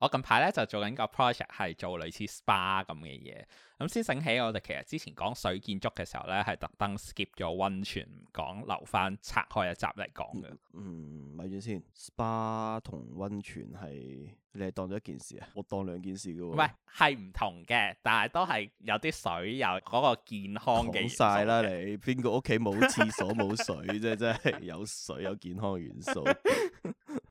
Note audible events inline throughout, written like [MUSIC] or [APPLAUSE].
我近排咧就做緊個 project 係做類似 spa 咁嘅嘢，咁先醒起我哋其實之前講水建築嘅時候咧係特登 skip 咗溫泉唔講，留翻拆開一集嚟講嘅。嗯，咪住先，spa 同溫泉係你係當咗一件事啊？我當兩件事嘅喎。唔係，係唔同嘅，但係都係有啲水有嗰個健康嘅元素。好晒啦你，邊個屋企冇廁所冇 [LAUGHS] 水啫？真係有水有健康元素。 [LAUGHS]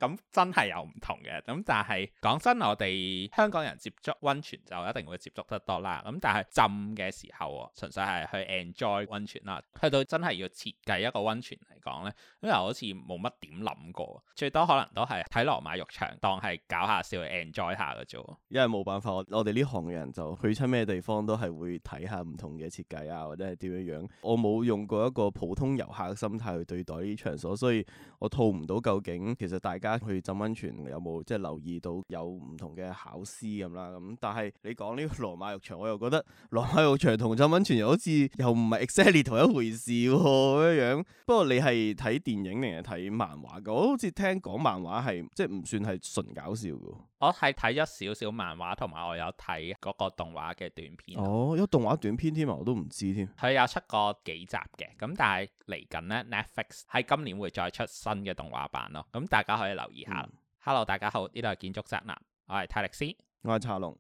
咁、嗯、真係有唔同嘅，咁、嗯、但係講真，我哋香港人接觸溫泉就一定會接觸得多啦。咁、嗯、但係浸嘅時候喎，純粹係去 enjoy 溫泉啦。去到真係要設計一個溫泉嚟講咧，因為我好似冇乜點諗過，最多可能都係睇羅馬浴場當係搞下笑去 enjoy 下嘅啫。因為冇辦法，我哋呢行嘅人就去親咩地方都係會睇下唔同嘅設計啊，或者係點樣樣，我冇用過一個普通遊客嘅心態去對待呢啲場所，所以我套唔到究竟其實大家。去浸溫泉有冇即係留意到有唔同嘅考試咁啦，咁，但係你講呢個羅馬浴場，我又覺得羅馬浴場同浸溫泉又好似又唔係 exactly 同一回事喎咁樣。不過你係睇電影定係睇漫畫噶？我好似聽講漫畫係即係唔算係純搞笑㗎。我係睇咗少少漫畫，同埋我有睇嗰個動畫嘅短片。哦，有動畫短片添啊，我都唔知添。佢有出過幾集嘅，咁但係嚟緊呢 Netflix 喺今年會再出新嘅動畫版咯，咁大家可以留意下。嗯、Hello，大家好，呢度係建築宅男，我係泰力斯，我係查龍。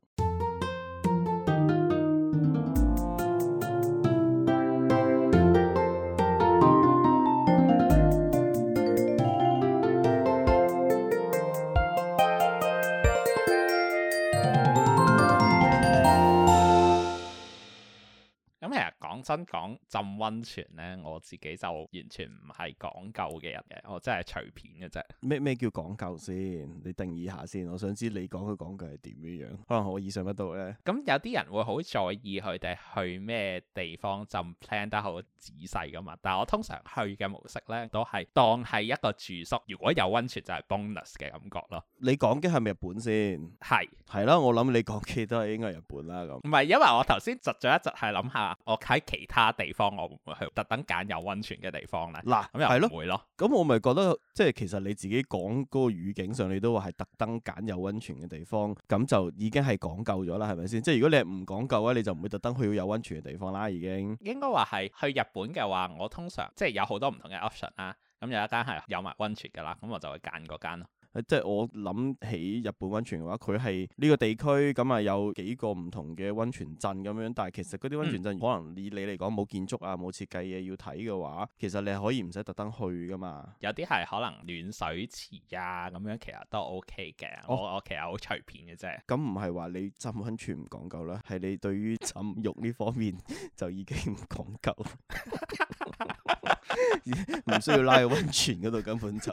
真講浸溫泉咧，我自己就完全唔係講究嘅人嘅，我真係隨便嘅啫。咩咩叫講究先？你定義下先，我想知你講嘅講究係點樣樣。可能我意想不到咧。咁、嗯、有啲人會好在意佢哋去咩地方浸 plan 得好仔細噶嘛，但係我通常去嘅模式咧，都係當係一個住宿。如果有溫泉就係 bonus 嘅感覺咯。你講嘅係咪日本先？係係咯，我諗你講嘅都係應該日本啦咁。唔係，因為我頭先窒咗一窒，係諗下我喺。其他地方我唔會去，特登揀有温泉嘅地方咧？嗱、啊，咁又係咯的，唔會咯、嗯。咁我咪覺得，即係其實你自己講嗰個語境上，你都話係特登揀有温泉嘅地方，咁就已經係講究咗啦，係咪先？即係如果你係唔講究咧，你就唔會特登去有温泉嘅地方啦，已經。應該話係去日本嘅話，我通常即係有好多唔同嘅 option 啦。咁有一間係有埋温泉嘅啦，咁我就會揀嗰間咯。即係我諗起日本温泉嘅話，佢係呢個地區，咁啊有幾個唔同嘅温泉鎮咁樣，但係其實嗰啲温泉鎮、嗯、可能以你嚟講冇建築啊冇設計嘢要睇嘅話，其實你係可以唔使特登去噶嘛。有啲係可能暖水池啊咁樣，其實都 OK 嘅。哦、我我其實好隨便嘅啫。咁唔係話你浸温泉唔講究啦，係你對於浸浴呢方面就已經唔講究。 [LAUGHS] [LAUGHS] 唔 [LAUGHS] 需要拉去温泉嗰度根本就。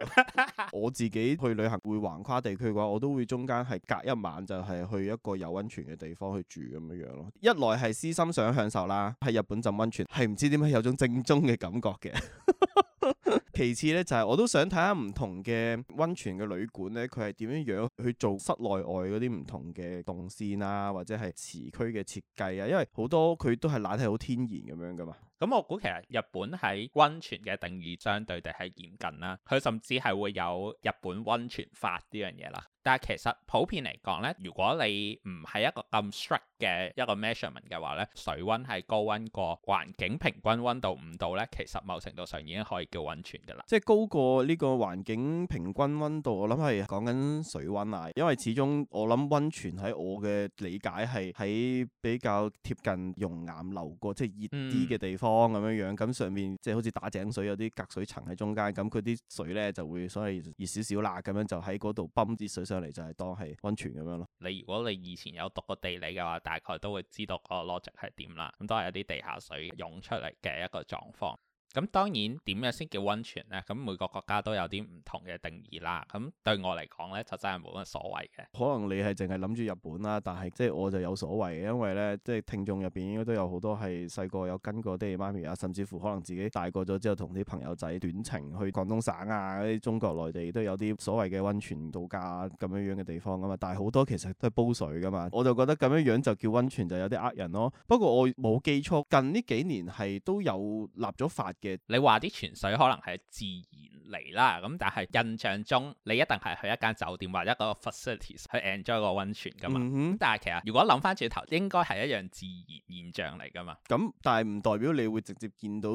我自己去旅行會橫跨地區嘅話，我都會中間係隔一晚就係去一個有温泉嘅地方去住咁樣樣咯。一來係私心想享受啦，喺日本浸温泉係唔知點解有種正宗嘅感覺嘅。 [LAUGHS] 其次咧，就係、是、我都想睇下唔同嘅溫泉嘅旅館咧，佢係點樣樣去做室內外嗰啲唔同嘅動線啊，或者係池區嘅設計啊，因為好多佢都係懶係好天然咁樣噶嘛。咁、嗯、我估其實日本喺溫泉嘅定義相對地係嚴謹啦，佢甚至係會有日本溫泉法呢樣嘢啦。但係其實普遍嚟講咧，如果你唔係一個咁 strict 嘅一個 measurement 嘅話咧，水温係高温過環境平均温度五度咧，其實某程度上已經可以叫温泉噶啦。即係高過呢個環境平均温度，我諗係講緊水温啊。因為始終我諗温泉喺我嘅理解係喺比較貼近熔岩流過，嗯、即係熱啲嘅地方咁樣樣。咁上面即係好似打井水有啲隔水層喺中間，咁佢啲水咧就會所謂熱少少啦，咁樣就喺嗰度泵啲水。上嚟就係當係溫泉咁樣咯。你如果你以前有讀過地理嘅話，大概都會知道個 logic 係點啦。咁都係有啲地下水湧出嚟嘅一個狀況。咁當然點樣先叫温泉咧？咁每個國家都有啲唔同嘅定義啦。咁對我嚟講咧，就真係冇乜所謂嘅。可能你係淨係諗住日本啦，但係即係我就有所謂嘅，因為咧即係聽眾入邊應該都有好多係細個有跟過爹哋媽咪啊，甚至乎可能自己大個咗之後同啲朋友仔短程去廣東省啊啲中國內地都有啲所謂嘅温泉度假咁樣樣嘅地方噶嘛。但係好多其實都係煲水噶嘛，我就覺得咁樣樣就叫温泉就有啲呃人咯。不過我冇記錯，近呢幾年係都有立咗法。嘅你話啲泉水可能係自然嚟啦，咁但係印象中你一定係去一間酒店或者一個 facilities 去 enjoy 個温泉噶嘛。嗯、哼但係其實如果諗翻轉頭，應該係一樣自然現象嚟噶嘛。咁、嗯、但係唔代表你會直接見到。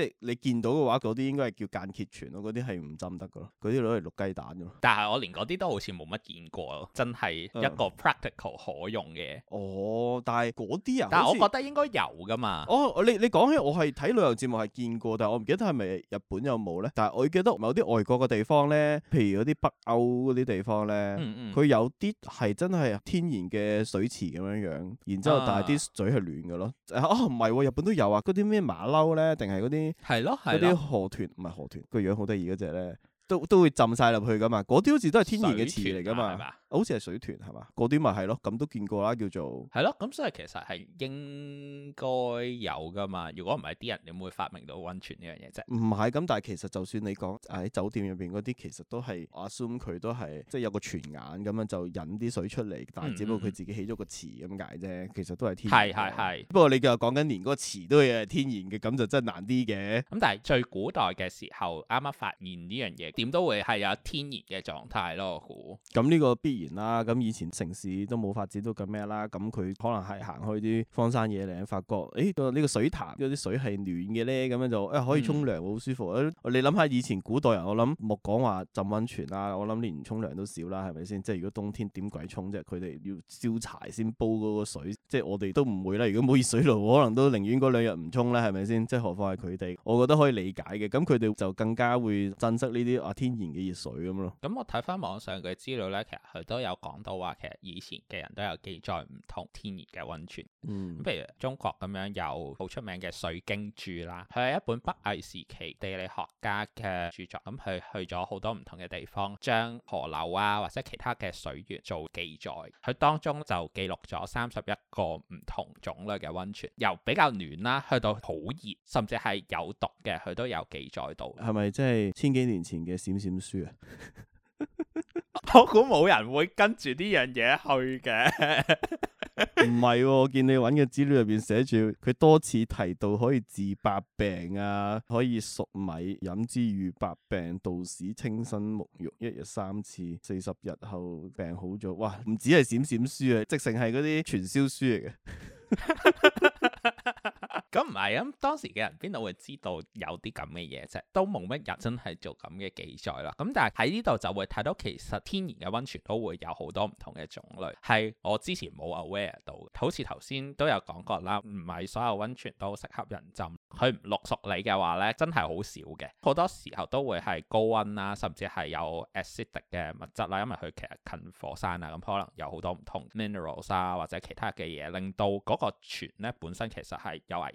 即係你見到嘅話，嗰啲應該係叫間歇泉咯，嗰啲係唔浸得嘅咯，嗰啲攞嚟碌雞蛋嘅。但係我連嗰啲都好似冇乜見過咯，真係一個 practical 可用嘅、嗯。哦，但係嗰啲啊，但係像我覺得應該有嘅嘛。哦，你你講起我係睇旅遊節目係見過，但係我唔記得係咪日本有冇咧？但係我記得某啲外國嘅地方咧，譬如嗰啲北歐嗰啲地方咧，佢、嗯嗯、有啲係真係天然嘅水池咁樣樣，然之後但係啲水係暖嘅咯。嗯、哦，唔係、哦，日本都有啊，嗰啲咩馬騮咧，定係嗰啲。係咯係咯，嗰啲河豚唔係河豚，個樣好得意嗰隻咧。都都會浸晒入去噶嘛？嗰啲好似都係天然嘅池嚟噶嘛？啊啊、好似係水壩係嘛？嗰啲咪係咯，咁、就是、都見過啦，叫做係咯。咁所以其實係應該有噶嘛？如果唔係啲人你會發明到溫泉呢樣嘢啫？唔係咁，但係其實就算你講喺酒店入邊嗰啲，其實都係我 assume 佢都係即係有個泉眼咁樣就引啲水出嚟，但係只不過佢自己起咗個池咁解啫。嗯嗯其實都係天然。係係不過你又講緊連個池都係天然嘅，咁就真係難啲嘅。咁但係最古代嘅時候啱啱發現呢樣嘢。點都會係有天然嘅狀態咯，我估。咁呢個必然啦。咁以前城市都冇發展到咁咩啦。咁佢可能係行開啲荒山野嶺，發覺誒呢、這個水潭嗰啲水係暖嘅咧，咁樣就誒可以沖涼，好舒服。嗯、你諗下以前古代人，我諗莫講話浸温泉啦，我諗連沖涼都少啦，係咪先？即係如果冬天點鬼沖啫？佢哋要燒柴先煲嗰個水。即係我哋都唔會啦。如果冇熱水爐，可能都寧願嗰兩日唔沖啦，係咪先？即係何況係佢哋，我覺得可以理解嘅。咁佢哋就更加會珍惜呢啲。天然嘅熱水咁咯，咁我睇翻網上嘅資料咧，其實佢都有講到話，其實以前嘅人都有記載唔同天然嘅温泉。嗯，咁譬如中國咁樣有好出名嘅《水經注》啦，佢係一本北魏時期地理學家嘅著作，咁佢去咗好多唔同嘅地方，將河流啊，或者其他嘅水源做記載。佢當中就記錄咗三十一個唔同種類嘅温泉，由比較暖啦，去到好熱，甚至係有毒嘅，佢都有記載到。係咪即係千幾年前嘅閃閃書啊， [LAUGHS] [LAUGHS] 我估冇人會跟住呢樣嘢去嘅，唔係，我見你揾嘅資料入邊寫住，佢多次提到可以治百病啊，可以熟米飲之愈百病，道士清身沐浴一日三次，四十日後病好咗。哇，唔止係閃閃書啊，即成係嗰啲傳銷書嚟嘅。 [LAUGHS] [LAUGHS] 咁唔係啊，當時嘅人邊度會知道有啲咁嘅嘢啫？都冇乜人真係做咁嘅記載啦。咁但係喺呢度就會睇到，其實天然嘅溫泉都會有好多唔同嘅種類，係我之前冇 aware 到。好似頭先都有講過啦，唔係所有溫泉都適合人浸，佢唔淥熟你嘅話咧，真係好少嘅。好多時候都會係高溫啦、啊，甚至係有 acidic 嘅物質啦、啊，因為佢其實近火山啊，咁可能有好多唔同 minerals 啊或者其他嘅嘢，令到嗰個泉咧本身其實係有危。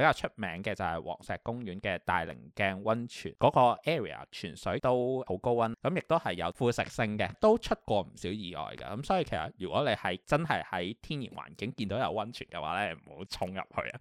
比較出名嘅就係黃石公園嘅大棱鏡溫泉嗰個 area，泉水都好高溫，咁亦都係有腐蝕性嘅，都出過唔少意外嘅。咁所以其實如果你係真係喺天然環境見到有溫泉嘅話咧，唔好衝入去啊！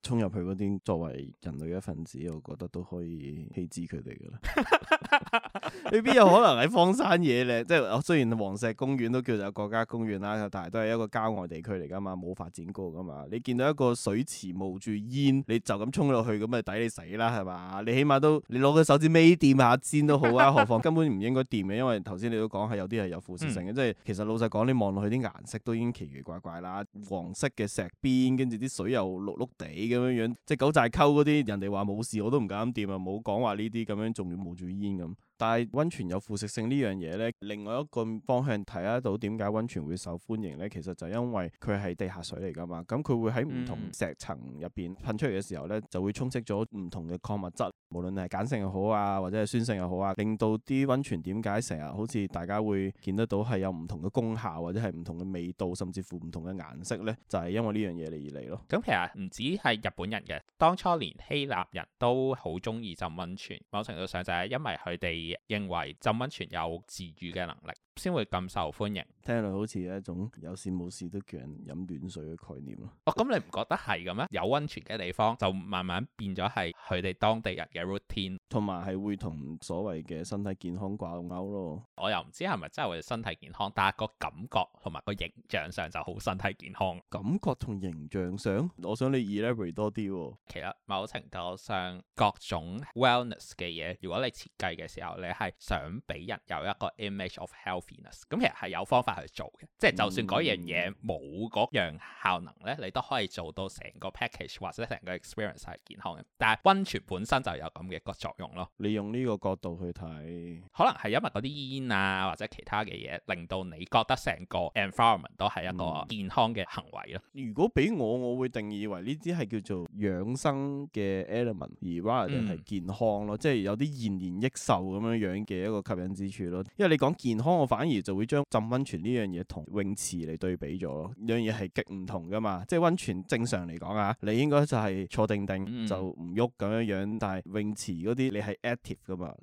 衝入去嗰啲作為人類嘅一份子，我覺得都可以棄置佢哋噶啦。 [LAUGHS] [LAUGHS] 你邊有可能喺荒山野嶺？即係雖然黃石公園都叫做國家公園啦，但係都係一個郊外地區嚟噶嘛，冇發展過噶嘛。你見到一個水池冒住煙。你就咁衝落去咁咪抵你死啦，係嘛？你起碼都你攞個手指尾掂下先都好啊，何況根本唔應該掂嘅，因為頭先你都講係有啲係有腐蝕性嘅，嗯、即係其實老實講，你望落去啲顏色都已經奇奇怪怪啦，黃色嘅石邊，跟住啲水又綠綠地咁樣樣，即係九寨溝嗰啲，人哋話冇事，我都唔敢掂啊，冇講話呢啲咁樣仲要冒住煙咁。但係溫泉有腐蝕性這呢樣嘢咧，另外一個方向睇得到點解溫泉會受歡迎呢？其實就係因為佢係地下水嚟㗎嘛，咁佢會喺唔同石層入面噴出嚟嘅時候呢，就會充斥咗唔同嘅礦物質。無論係鹼性又好啊，或者係酸性又好啊，令到啲溫泉點解成日好似大家會見得到係有唔同嘅功效，或者係唔同嘅味道，甚至乎唔同嘅顏色呢？就係因為呢樣嘢嚟而嚟咯。咁其實唔止係日本人嘅，當初連希臘人都好中意浸溫泉，某程度上就係因為佢哋認為浸溫泉有治癒嘅能力。先會咁受歡迎，聽落好似有一種有事冇事都叫人飲暖水嘅概念咯。哦，咁、嗯、你唔覺得係咁咩？有温泉嘅地方就慢慢變咗係佢哋當地人嘅 routine，同埋係會同所謂嘅身體健康掛鈎咯。我又唔知係咪真係會身體健康，但係個感覺同埋個形象上就好身體健康。感覺同形象上，我想你 elaborate 多啲、哦。其實某程度上，各種 wellness 嘅嘢，如果你設計嘅時候，你係想俾人有一個 image of health。咁其實係有方法去做嘅，即係就算嗰樣嘢冇嗰樣效能咧，你都可以做到成個 package 或者成個 experience 係健康嘅。但係溫泉本身就有咁嘅個作用咯。你用呢個角度去睇，可能係因為嗰啲煙啊或者其他嘅嘢，令到你覺得成個 environment 都係一個健康嘅行為咯、嗯。如果俾我，我會定義為呢啲係叫做養生嘅 element，而 rather 係健康咯，即係有啲延年益壽咁樣樣嘅一個吸引之處咯。因為你講健康我反而就會將浸温泉呢樣嘢同泳池嚟對比咗咯，呢樣嘢係極唔同噶嘛。即係温泉正常嚟講啊，你應該就係坐定定、嗯、就唔喐咁樣樣，但係泳池嗰啲你係 active 噶嘛。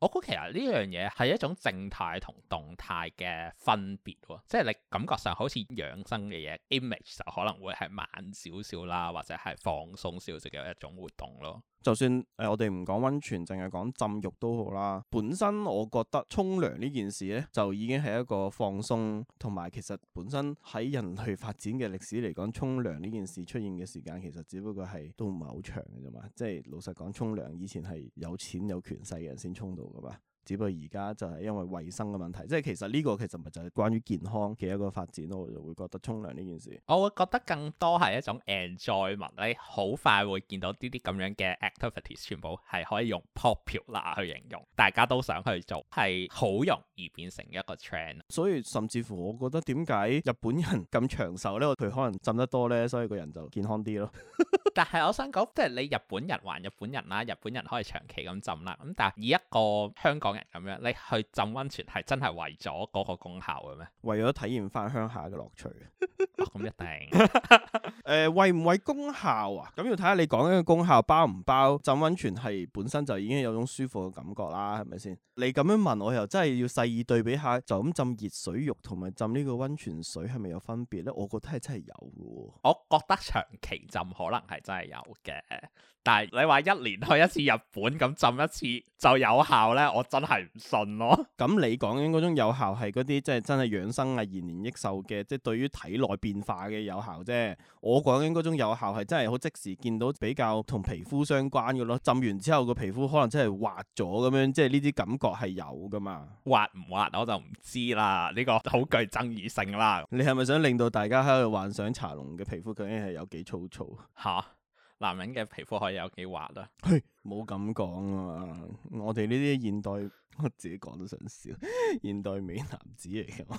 我估其實呢樣嘢係一種靜態同動態嘅分別喎、哦，即係你感覺上好似養生嘅嘢，image 就可能會係慢少少啦，或者係放鬆少少嘅一種活動咯。就算誒我哋唔講温泉，淨係講浸浴都好啦。本身我覺得沖涼呢件事呢，就已經係一個放鬆，同埋其實本身喺人類發展嘅歷史嚟講，沖涼呢件事出現嘅時間其實只不過係都唔係好長嘅啫嘛。即係老實講，沖涼以前係有錢有權勢嘅人先沖到㗎嘛。只不過而家就係因為衞生嘅問題，即係其實呢個其實咪就係關於健康嘅一個發展咯，我就會覺得沖涼呢件事，我會覺得更多係一種 enjoyment 咧，你好快會見到呢啲咁樣嘅 activities，全部係可以用 popular 去形容，大家都想去做，係好容易變成一個 trend。所以甚至乎我覺得點解日本人咁長壽呢？佢可能浸得多呢，所以個人就健康啲咯。 [LAUGHS] 但係我想講，即係你日本人還日本人啦，日本人可以長期咁浸啦。咁但係以一個香港人咁樣，你去浸溫泉係真係為咗嗰個功效嘅咩？為咗體驗返鄉下嘅樂趣啊！咁、 [LAUGHS] 哦、一定。誒、 [LAUGHS] 呃，為唔為功效啊？咁要睇下你講嘅功效包唔包浸溫泉係本身就已經有種舒服嘅感覺啦，係咪先？你咁樣問我又真係要細意對比下，就咁浸熱水浴同埋浸呢個溫泉水係咪有分別咧？我覺得係真係有嘅。我覺得長期浸可能係。真係有嘅，但係你話一年去一次日本咁浸一次就有效咧，我真係唔信咯。咁你講緊嗰種有效係嗰啲即係真係養生啊、延年益壽嘅，即係對於體內變化嘅有效啫。我講緊嗰種有效係真係好即時見到比較同皮膚相關嘅咯。浸完之後個皮膚可能真係滑咗咁樣，即係呢啲感覺係有噶嘛？滑唔滑我就唔知啦，呢個好具爭議性啦。你係咪想令到大家喺度幻想茶龍嘅皮膚究竟係有幾粗糙吓？男人嘅皮膚可以有幾滑啊？冇咁講啊！我哋呢啲現代，我自己講都想笑，現代美男子嚟嘅嘛。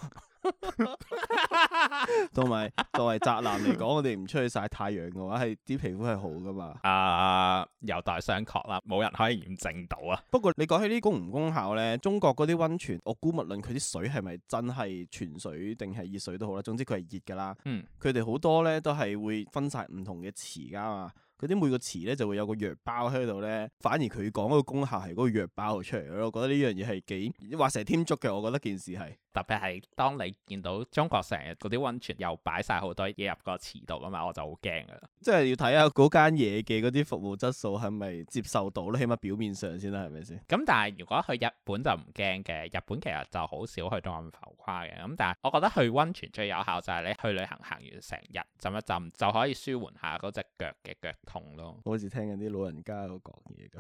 同埋作為宅男嚟講，我哋唔出去晒太陽嘅話，係啲皮膚係好噶嘛。啊、呃，有大聲確啦，冇人可以驗證到啊！不過你講起啲功唔功效咧，中國嗰啲溫泉，我估無論佢啲水係咪真係泉水定係熱水都好啦，總之佢係熱㗎啦。嗯，佢哋好多咧都係會分晒唔同嘅池㗎嘛。嗰啲每個詞咧就會有個藥包喺度咧，反而佢講嗰個功效係嗰個藥包出嚟，我覺得呢樣嘢係幾畫蛇添足嘅，我覺得件事係。特別係當你見到中國成日嗰啲溫泉又擺晒好多嘢入個池度啊嘛，我就好驚噶啦！即係要睇下嗰間嘢嘅嗰啲服務質素係咪接受到咧？起碼表面上先啦，係咪先？咁但係如果去日本就唔驚嘅，日本其實就好少去到咁浮誇嘅。咁、嗯、但係我覺得去溫泉最有效就係你去旅行行完成日浸一浸，就可以舒緩下嗰隻腳嘅腳痛咯。我好似聽緊啲老人家講嘢咁，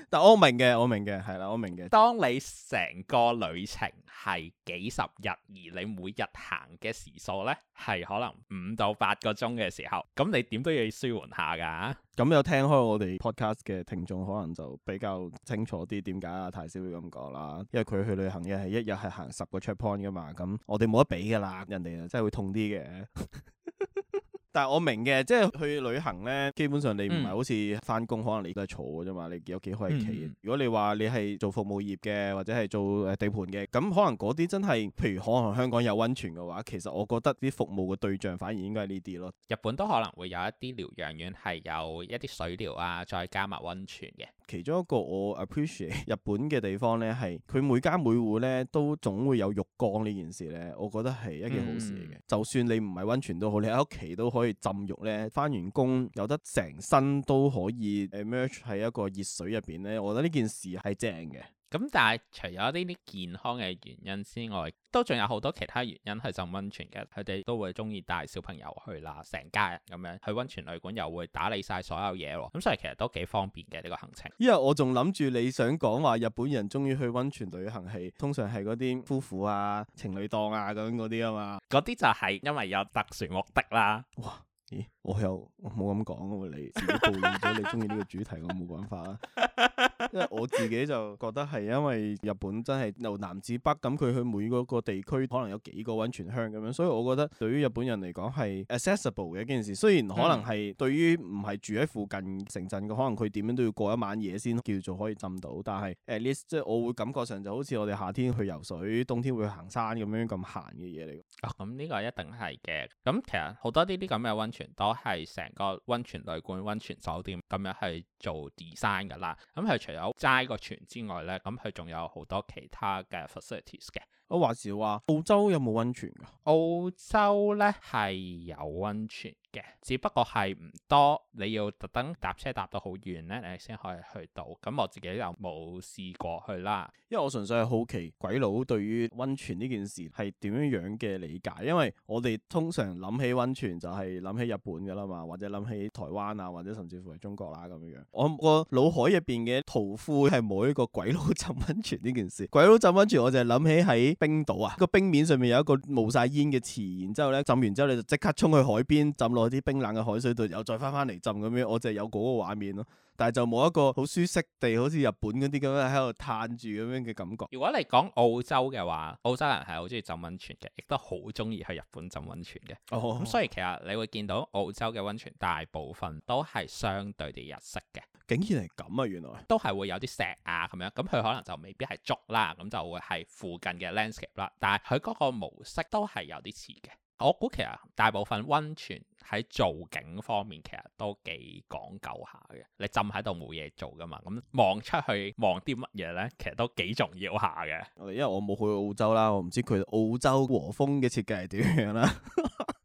[LAUGHS] 但我明嘅，我明嘅，係啦，我明嘅。當你成個旅程係幾？幾十日而你每日行嘅時數呢，係可能五到八個鐘嘅時，時候，咁你點都要舒緩下噶、啊。咁、嗯、有聽開我哋 podcast 嘅聽眾可能就比較清楚啲點解啊，泰少會咁講啦，因為佢去旅行嘅係一日係行十個 checkpoint 噶嘛，咁我哋冇得比噶啦，人哋真係會痛啲嘅。 [LAUGHS] 但我明嘅，即係去旅行咧，基本上你唔係好似翻工，嗯、可能你都係坐嘅啫嘛。你有幾可以企？嗯、如果你話你係做服務業嘅，或者係做誒地盤嘅，咁可能嗰啲真係，譬如可能香港有温泉嘅話，其實我覺得啲服務嘅對象反而應該係呢啲咯。日本都可能會有一啲療養院係有一啲水療啊，再加埋温泉嘅。其中一個我 appreciate 日本嘅地方咧，係佢每家每戶咧都總會有浴缸呢件事咧，我覺得係一件好事嚟嘅。嗯、就算你唔係温泉都好，你喺屋企都可以浸浴咧，翻完工有得成身都可以誒 emerge 喺一個熱水入邊咧，我覺得呢件事係正嘅。咁但係除咗呢啲健康嘅原因之外，都仲有好多其他原因去浸溫泉嘅。佢哋都會中意帶小朋友去啦，成家人咁樣去溫泉旅館，又會打理晒所有嘢。咁所以其實都幾方便嘅呢個行程。因為我仲諗住你想講話日本人中意去溫泉旅行，係通常係嗰啲夫婦啊、情侶檔啊咁樣嗰啲啊嘛。嗰啲就係因為有特殊目的啦。哇！咦？我又冇咁講喎，你暴露咗你中意呢個主題， [LAUGHS] 我冇辦法啦、啊。 [LAUGHS] 因為我自己就覺得係因為日本真係由南至北咁佢去每嗰個，個地區可能有幾個温泉鄉咁樣，所以我覺得對於日本人嚟講係 accessible 嘅一件事。雖然可能係對於唔係住喺附近城鎮嘅，可能佢點樣都要過一晚夜先叫做可以浸到。但係 at least 即係我會感覺上就好似我哋夏天去游水，冬天會去行山咁樣咁閒嘅嘢嚟。啊、哦、咁、嗯、呢、這個一定係嘅。咁、嗯、其實好多啲啲咁嘅温泉都係成個温泉旅館、温泉酒店咁樣去做 design 噶啦。咁、嗯、佢。除咗齋個泉之外咧，咁佢仲有好多其他嘅 facilities 嘅。我話時話澳洲有冇温泉噶？澳洲咧，係有溫泉嘅，只不過係唔多，你要特登搭車搭到好遠咧，你先可以去到。咁我自己又冇試過去啦，因為我純粹係好奇鬼佬對於溫泉呢件事係點樣樣嘅理解。因為我哋通常諗起溫泉就係諗起日本噶啦嘛，或者諗起台灣啊，或者甚至乎係中國啦咁樣樣。我個腦海入邊嘅圖庫係冇一個鬼佬浸溫泉呢件事。鬼佬浸溫泉，我就係諗起喺。冰島啊，個冰面上面有一個冒晒煙嘅池，然之後咧浸完之後你就即刻沖去海邊，浸落啲冰冷嘅海水度，又再翻翻嚟浸咁樣，我就係有嗰個畫面咯。但係就冇一個好舒適地，好似日本嗰啲咁樣喺度嘆住咁樣嘅感覺。如果你講澳洲嘅話，澳洲人係好中意浸溫泉嘅，亦都好中意去日本浸溫泉嘅。哦，咁所以其實你會見到澳洲嘅溫泉大部分都係相對地日式嘅。竟然係咁啊！原來都係會有啲石啊咁樣，咁佢可能就未必係竹啦，咁就會係附近嘅 landscape 啦。但係佢嗰個模式都係有啲似嘅。我估其實大部分溫泉喺造景方面其實都幾講究下嘅，你浸喺度冇嘢做㗎嘛，咁望出去望啲乜嘢咧？其實都幾重要下嘅。因為我冇去澳洲啦，我唔知佢澳洲和風嘅設計係點樣啦，啊。 [LAUGHS]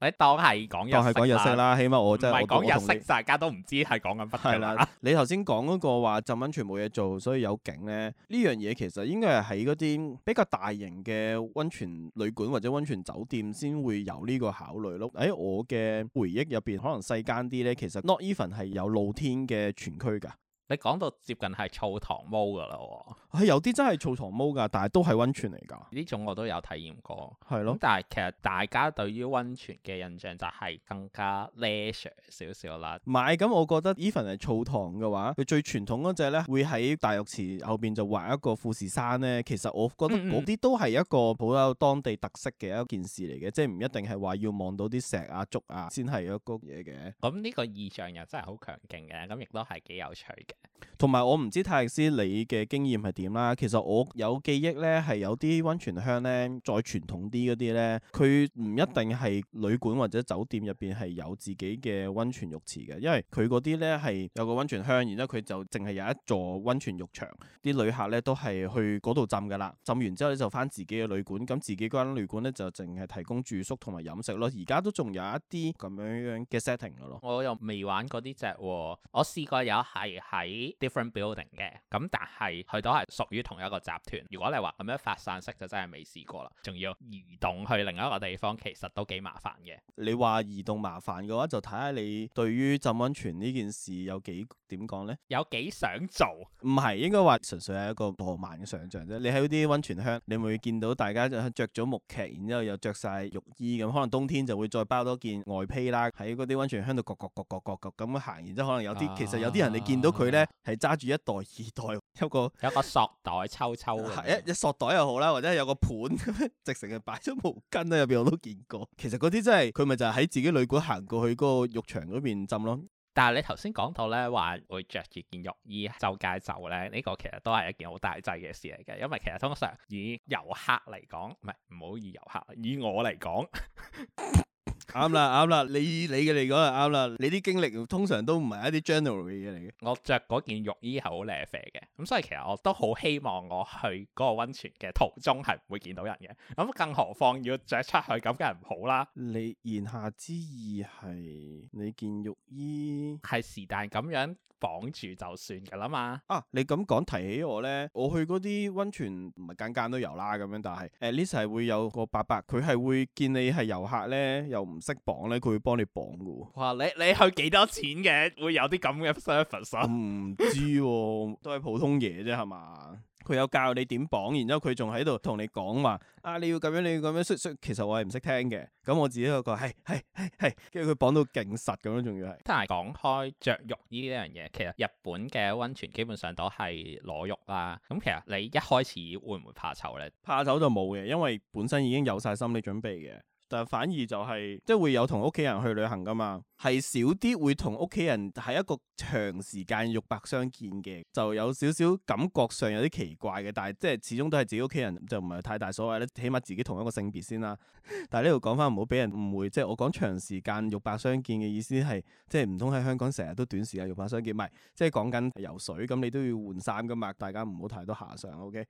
我當係講日式啦，式起碼我真係唔講日式，大家都唔知係講緊乜嘢啦。你頭先講嗰個話浸溫泉冇嘢做，所以有景咧，呢樣嘢其實應該係喺嗰啲比較大型嘅溫泉旅館或者溫泉酒店先會有呢個考慮咯。喺我嘅回憶入邊，可能細間啲咧，其實 Not Even 係有露天嘅全區㗎。你講到接近係澡堂模噶啦喎，有啲真係澡堂模噶，但係都係溫泉嚟㗎。呢種我都有體驗過，係咯的。但係其實大家對於溫泉嘅印象就係更加 leisure 少少啦。唔係，咁我覺得 even 係澡堂嘅話，佢最傳統嗰隻咧，會喺大浴池後邊就畫一個富士山咧。其實我覺得嗰啲都係一個保留當地特色嘅一件事嚟嘅，嗯嗯即係唔一定係話要望到啲石啊、竹啊先係一個嘢嘅。咁呢個意象又真係好強勁嘅，咁亦都係幾有趣嘅。同埋我唔知泰迪斯你嘅經驗係點啦，其實我有記憶呢，係有啲溫泉鄉呢，再傳統啲嗰啲呢，佢唔一定係旅館或者酒店入邊係有自己嘅溫泉浴池嘅，因為佢嗰啲呢係有個溫泉鄉，然之後佢就淨係有一座溫泉浴場，啲旅客呢都係去嗰度浸噶啦，浸完之後你就翻自己嘅旅館，咁自己間旅館呢就淨係提供住宿同埋飲食咯，而家都仲有一啲咁樣樣嘅 setting 噶咯。我又未玩嗰啲只，我試過有係係。different building 嘅，咁但係佢都係屬於同一個集團。如果你話咁樣發散式就真係未試過啦，仲要移動去另一個地方，其實都幾麻煩嘅。你話移動麻煩嘅話，就睇下你對於浸溫泉呢件事有幾點講呢？有幾想做？唔係應該話純粹係一個浪漫嘅想像啫。你喺嗰啲溫泉鄉，你會見到大家著著咗木屐，然之後又着晒浴衣咁，可能冬天就會再包多件外披啦。喺嗰啲溫泉鄉度，咯咯咯咯咯咯咁行，然之後可能有啲其實有啲人你見到佢呢。咧係揸住一袋、二袋，有個有一個索袋抽抽嘅， [LAUGHS] 一一索袋，又好啦，或者有個盤直成係擺咗毛巾喺入邊我都見過。其實嗰啲真係佢咪就係喺自己旅館行過去嗰個浴場嗰邊浸咯。但係你頭先講到咧，話會着住件浴衣周街走咧，呢、這個其實都係一件好大劑嘅事嚟嘅，因為其實通常以遊客嚟講，唔係唔好以遊客，以我嚟講。 [LAUGHS] 啱啦，啱啦， [LAUGHS] 你你嘅嚟講係啱啦，你啲經歷通常都唔係一啲 general 嘅嘢嚟嘅。我着嗰件浴衣係好靚啡嘅，咁所以其實我都好希望我去嗰個溫泉嘅途中係唔會見到人嘅，咁更何況要着出去咁梗係唔好啦。你言下之意係你件浴衣係是但咁樣？綁住就算噶啦嘛！啊，你咁講提起我咧，我去嗰啲溫泉唔係間間都有啦，咁樣，但係誒呢時係會有個伯伯，佢係會見你係遊客咧，又唔識綁咧，佢會幫你綁噶喎。哇，你你去幾多錢嘅？會有啲咁嘅 service 啊？唔、嗯、知、啊， [LAUGHS] 都係普通嘢啫，係嘛？佢有教你點綁，然之後佢仲喺度同你講話啊，你要咁樣，你要咁樣，其實我係唔識聽嘅，咁我自己就覺係係係，跟住佢綁到勁實咁樣，仲要係。但係講開着浴衣呢樣嘢，其實日本嘅溫泉基本上都係裸浴啦。咁其實你一開始會唔會怕醜呢？怕醜就冇嘅，因為本身已經有晒心理準備嘅。但反而就係、是、即係會有同屋企人去旅行㗎嘛，係少啲會同屋企人喺一個長時間肉白相見嘅，就有少少感覺上有啲奇怪嘅。但係即係始終都係自己屋企人，就唔係太大所謂啦。起碼自己同一個性別先啦。但係呢度講返唔好畀人誤會，即係我講長時間肉白相見嘅意思係即係唔通喺香港成日都短時間肉白相見？唔係，即係講緊游水咁，你都要換衫㗎嘛。大家唔好太多遐想，OK。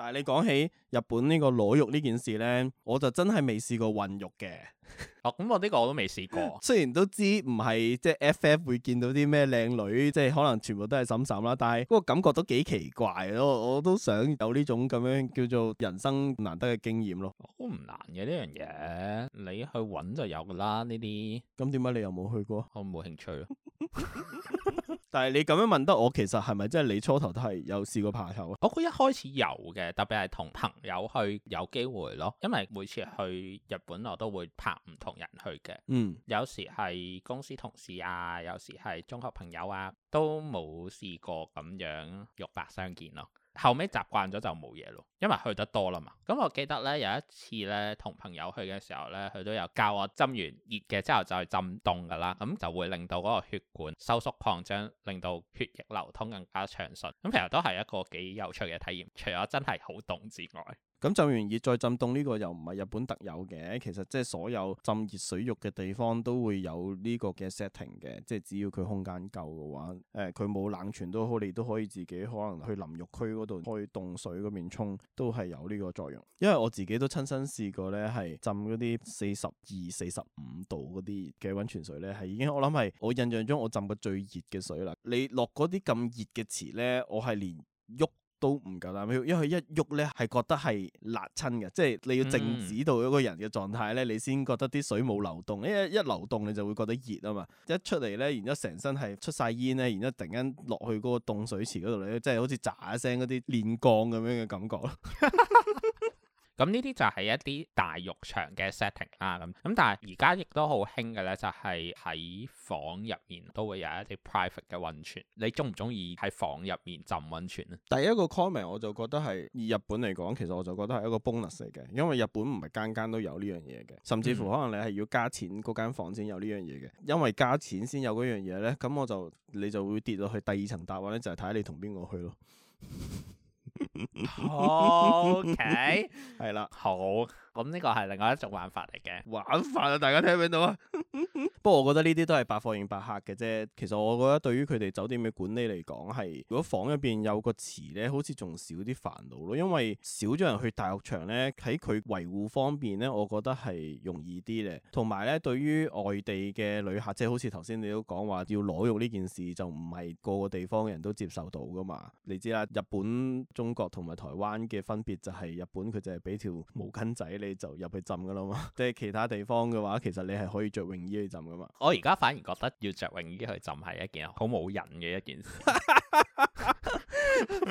但係你講起日本呢個裸浴呢件事呢，我就真係未試過混浴嘅。 [LAUGHS] 哦，咁我呢個我都未試過。 [LAUGHS] 雖然都知唔係即係 FF 會見到啲咩靚女，即係可能全部都係嬸嬸啦。但係嗰個感覺都幾奇怪，我我都想有呢種咁樣叫做人生難得嘅經驗咯。好唔難嘅呢樣嘢，你去揾就有㗎啦呢啲。咁點解你又冇去過？我冇興趣。 [LAUGHS] [LAUGHS] 但係你咁樣問得我，其實係咪真係你初頭都係有試過拍頭啊？我估一開始有嘅，特別係同朋友去有機會咯，因為每次去日本我都會拍唔同人去嘅，嗯，有時係公司同事啊，有時係中學朋友啊，都冇試過咁樣肉帛相見咯。後尾習慣咗就冇嘢咯，因為去得多啦嘛。咁我記得咧有一次咧同朋友去嘅時候咧，佢都有教我浸完熱嘅之後就係浸凍噶啦，咁就會令到嗰個血管收縮擴張，令到血液流通更加暢順。咁其實都係一個幾有趣嘅體驗，除咗真係好凍之外。咁浸完熱再浸凍呢個又唔係日本特有嘅，其實即係所有浸熱水浴嘅地方都會有呢個嘅 setting 嘅，即係只要佢空間夠嘅話，誒佢冇冷泉都好，你都可以自己可能去淋浴區嗰度開凍水嗰邊沖，都係有呢個作用。因為我自己都親身試過呢，係浸嗰啲四十二、四十五度嗰啲嘅溫泉水呢，係已經我諗係我印象中我浸過最熱嘅水啦。你落嗰啲咁熱嘅池呢，我係連喐都唔夠膽喐，因為佢一喐呢係覺得係辣親嘅，即係你要靜止到一個人嘅狀態呢，嗯、你先覺得啲水冇流動，一一流動你就會覺得熱啊嘛！一出嚟呢，然之後成身係出晒煙呢。然之後突然間落去嗰個凍水池嗰度呢，即係好似喳一聲嗰啲煉鋼咁樣嘅感覺。 [LAUGHS] [LAUGHS] 咁呢啲就係一啲大浴場嘅 setting 啦，咁咁但係而家亦都好興嘅咧，就係喺房入面都會有一啲 private 嘅溫泉。你中唔中意喺房入面浸溫泉咧？第一個 comment 我就覺得係以日本嚟講，其實我就覺得係一個 bonus 嚟嘅，因為日本唔係間間都有呢樣嘢嘅，甚至乎可能你係要加錢嗰間房先有呢樣嘢嘅，嗯、因為加錢先有嗰樣嘢咧，咁我就你就會跌落去第二層答案咧，就係睇你同邊個去咯。OK，係啦，Okay? [LAUGHS] 了好，咁呢個係另外一種玩法嚟嘅玩法啊，大家聽唔聽到啊？不過 [NOISE] 我覺得呢啲都係百貨應百客嘅啫。其實我覺得對於佢哋酒店嘅管理嚟講，係如果房入邊有個池咧，好似仲少啲煩惱咯。因為少咗人去大浴場咧，喺佢維護方面咧，我覺得係容易啲咧。同埋咧，對於外地嘅旅客，即係好似頭先你都講話要裸浴呢件事，就唔係個個地方人都接受到噶嘛。你知啦，日本、中國同埋台灣嘅分別就係日本佢就係俾條毛巾仔你就入去浸噶啦嘛。即 [LAUGHS] 係其他地方嘅話，其實你係可以著泳。唔要去浸㗎嘛？我而家反而覺得要着泳衣去浸係一件好冇癮嘅一件事，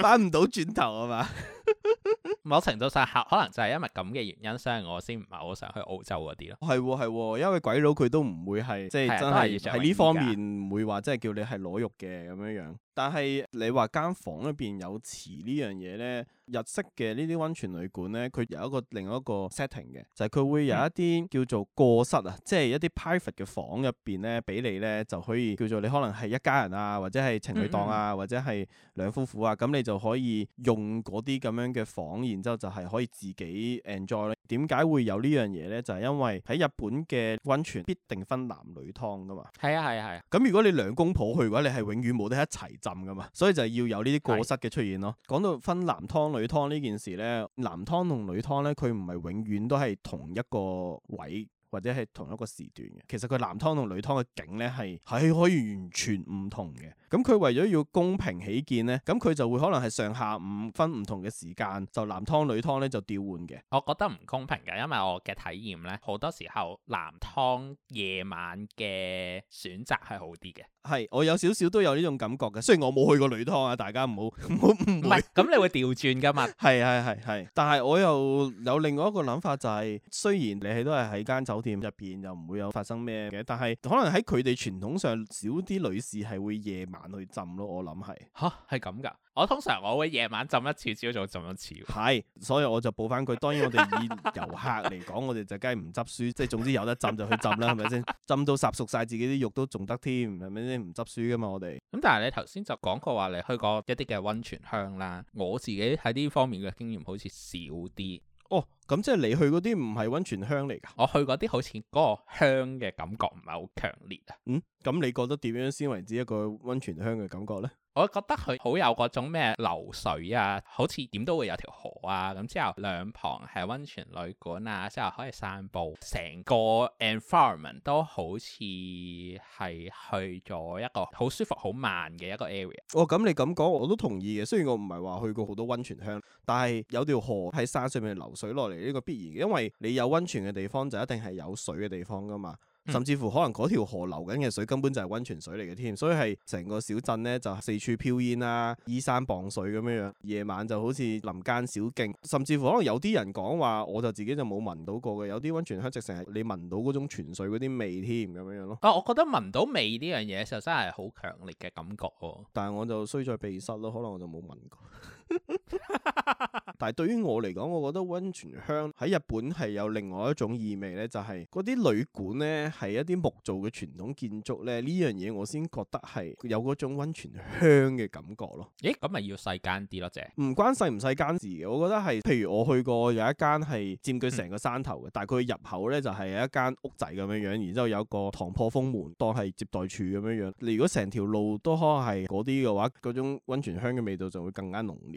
返唔到轉頭啊嘛～ [LAUGHS] [LAUGHS] 某程度上，可能就係因為咁嘅原因，所以我先唔係好想去澳洲嗰啲咯。係係、 [NOISE] 哦哦哦，因為鬼佬佢都唔會係，即、就、係、是、真係喺呢方面唔會話，即係叫你係裸浴嘅咁樣樣。但係你話間房入邊有池呢樣嘢呢，日式嘅呢啲溫泉旅館呢，佢有一個另外一個 setting 嘅，就係、是、佢會有一啲叫做個室啊，嗯、即係一啲 private 嘅房入邊呢，俾你呢就可以叫做你可能係一家人啊，或者係情侶檔啊，或者係兩夫婦啊，咁、嗯嗯、你就可以用嗰啲咁。咁樣嘅房，然之後就係可以自己 enjoy 咧。點解會有呢樣嘢咧？就係因為喺日本嘅溫泉必定分男女湯噶嘛。係啊係啊係啊。咁如果你兩公婆去嘅話，你係永遠冇得一齊浸噶嘛。所以就要有呢啲過失嘅出現咯。講是到分男湯女湯呢件事咧，男湯同女湯咧，佢唔係永遠都係同一個位或者係同一個時段嘅。其實佢男湯同女湯嘅景咧，係係可以完全唔同嘅。咁佢為咗要公平起見呢，咁佢就會可能係上下午分唔同嘅時間，就男湯女湯呢就調換嘅。我覺得唔公平嘅，因為我嘅體驗呢，好多時候男湯夜晚嘅選擇係好啲嘅。係，我有少少都有呢種感覺嘅。雖然我冇去過女湯啊，大家唔好唔好唔係，咁 [LAUGHS] [LAUGHS] 你會調轉噶嘛？係係係係，但係我又有另外一個諗法就係、是，雖然你係都係喺間酒店入邊又唔會有發生咩嘅，但係可能喺佢哋傳統上少啲女士係會夜晚。晚去浸咯，我諗係吓係咁噶。我通常我會夜晚浸一次，朝早浸一次。係，所以我就補翻佢。當然我哋以遊客嚟講， [LAUGHS] 我哋就梗係唔執輸， [LAUGHS] 即係總之有得浸就去浸啦，係咪先？浸到熟熟晒自己啲肉都仲得添，係咪先？唔執輸噶嘛，我哋。咁但係你頭先就講過話，你去過一啲嘅溫泉鄉啦。我自己喺呢方面嘅經驗好似少啲哦。咁即係你去啲唔係溫泉鄉嚟噶？我去啲好似個鄉嘅感覺唔係好強烈啊。嗯，咁你覺得點樣先為之一個溫泉鄉嘅感覺咧？我覺得佢好有種咩流水啊，好似點都會有條河啊。咁之後兩旁係溫泉旅館啊，之後可以散步，成個 environment 都好似係去咗一個好舒服、好慢嘅一個 area。哦，咁你咁講我都同意嘅。雖然我唔係話去過好多溫泉鄉，但係有條河喺山上面流水落嚟。呢個必然，因為你有溫泉嘅地方就一定係有水嘅地方噶嘛，嗯、甚至乎可能嗰條河流緊嘅水根本就係溫泉水嚟嘅添，所以係成個小鎮呢，就四處飄煙啦，依山傍水咁樣樣，夜晚就好似林間小徑，甚至乎可能有啲人講話，我就自己就冇聞到過嘅，有啲溫泉鄉直程係你聞到嗰種泉水嗰啲味添咁樣樣咯。但、哦、我覺得聞到味呢樣嘢就真係好強烈嘅感覺喎、哦。但係我就衰在鼻塞咯，可能我就冇聞過。 [LAUGHS] [LAUGHS] 但係對於我嚟講，我覺得温泉鄉喺日本係有另外一種意味咧，就係嗰啲旅館咧係一啲木造嘅傳統建築咧，呢樣嘢我先覺得係有嗰種温泉鄉嘅感覺咯。咦，咁咪要細間啲咯，姐？唔關細唔細間事嘅，我覺得係譬如我去過有一間係佔據成個山頭嘅，但係佢入口咧就係一間屋仔咁樣樣，然之後有個唐破風門當係接待處咁樣樣。你如果成條路都可能係嗰啲嘅話，嗰種温泉鄉嘅味道就會更加濃烈。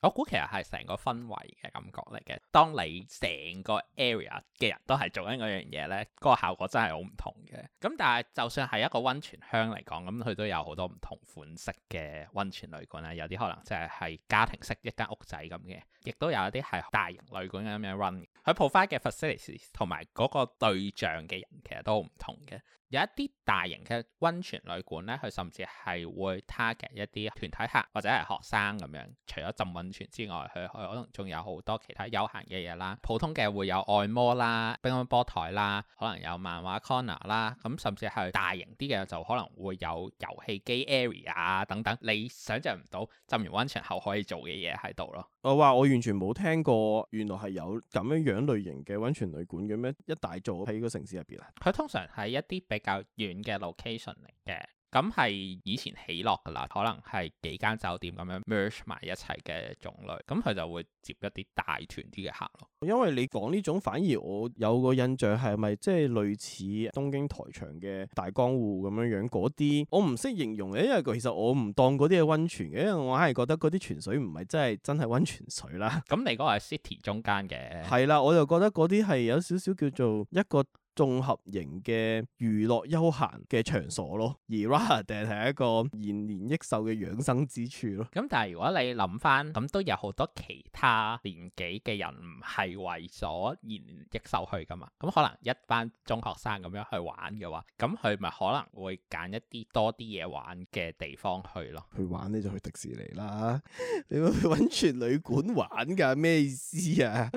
我估其實係成個氛圍嘅感覺嚟嘅，當你成個 area 嘅人都係做緊嗰樣嘢咧，嗰個效果真係好唔同嘅。咁但係就算係一個溫泉鄉嚟講，咁佢都有好多唔同款式嘅溫泉旅館啦。有啲可能即係係家庭式一間屋仔咁嘅，亦都有一啲係大型旅館咁樣 run。佢 provide 嘅 facilities 同埋嗰個對象嘅人其實都唔同嘅。有一啲大型嘅溫泉旅館咧，佢甚至係會 target 一啲團體客或者係學生咁樣，除咗浸溫温泉之外，佢可能仲有好多其他休閒嘅嘢啦。普通嘅會有按摩啦、乒乓波台啦，可能有漫畫 corner 啦。咁、嗯、甚至係大型啲嘅就可能會有遊戲機 area、啊、等等。你想象唔到浸完温泉後可以做嘅嘢喺度咯。我話我完全冇聽過，原來係有咁樣樣類型嘅温泉旅館嘅咩？一大座喺個城市入邊啊？佢通常係一啲比較遠嘅 location 嚟嘅。咁係以前起落噶啦，可能係幾間酒店咁樣 merge 埋一齊嘅種類，咁佢就會接一啲大團啲嘅客咯。因為你講呢種，反而我有個印象係咪即係類似東京台場嘅大江戶咁樣樣嗰啲？我唔識形容嘅，因為其實我唔當嗰啲係溫泉嘅，因為我係覺得嗰啲泉水唔係真係真係溫泉水啦。咁你嗰個係 city 中間嘅，係啦，我就覺得嗰啲係有少少叫做一個。綜合型嘅娛樂休閒嘅場所咯，而 Radar 係一個延年益壽嘅養生之處咯。咁但係如果你諗翻，咁都有好多其他年紀嘅人唔係為咗延年益壽去噶嘛？咁可能一班中學生咁樣去玩嘅話，咁佢咪可能會揀一啲多啲嘢玩嘅地方去咯。去玩呢就去迪士尼啦， [LAUGHS] 你會去温泉旅館玩㗎？咩意思啊？ [LAUGHS]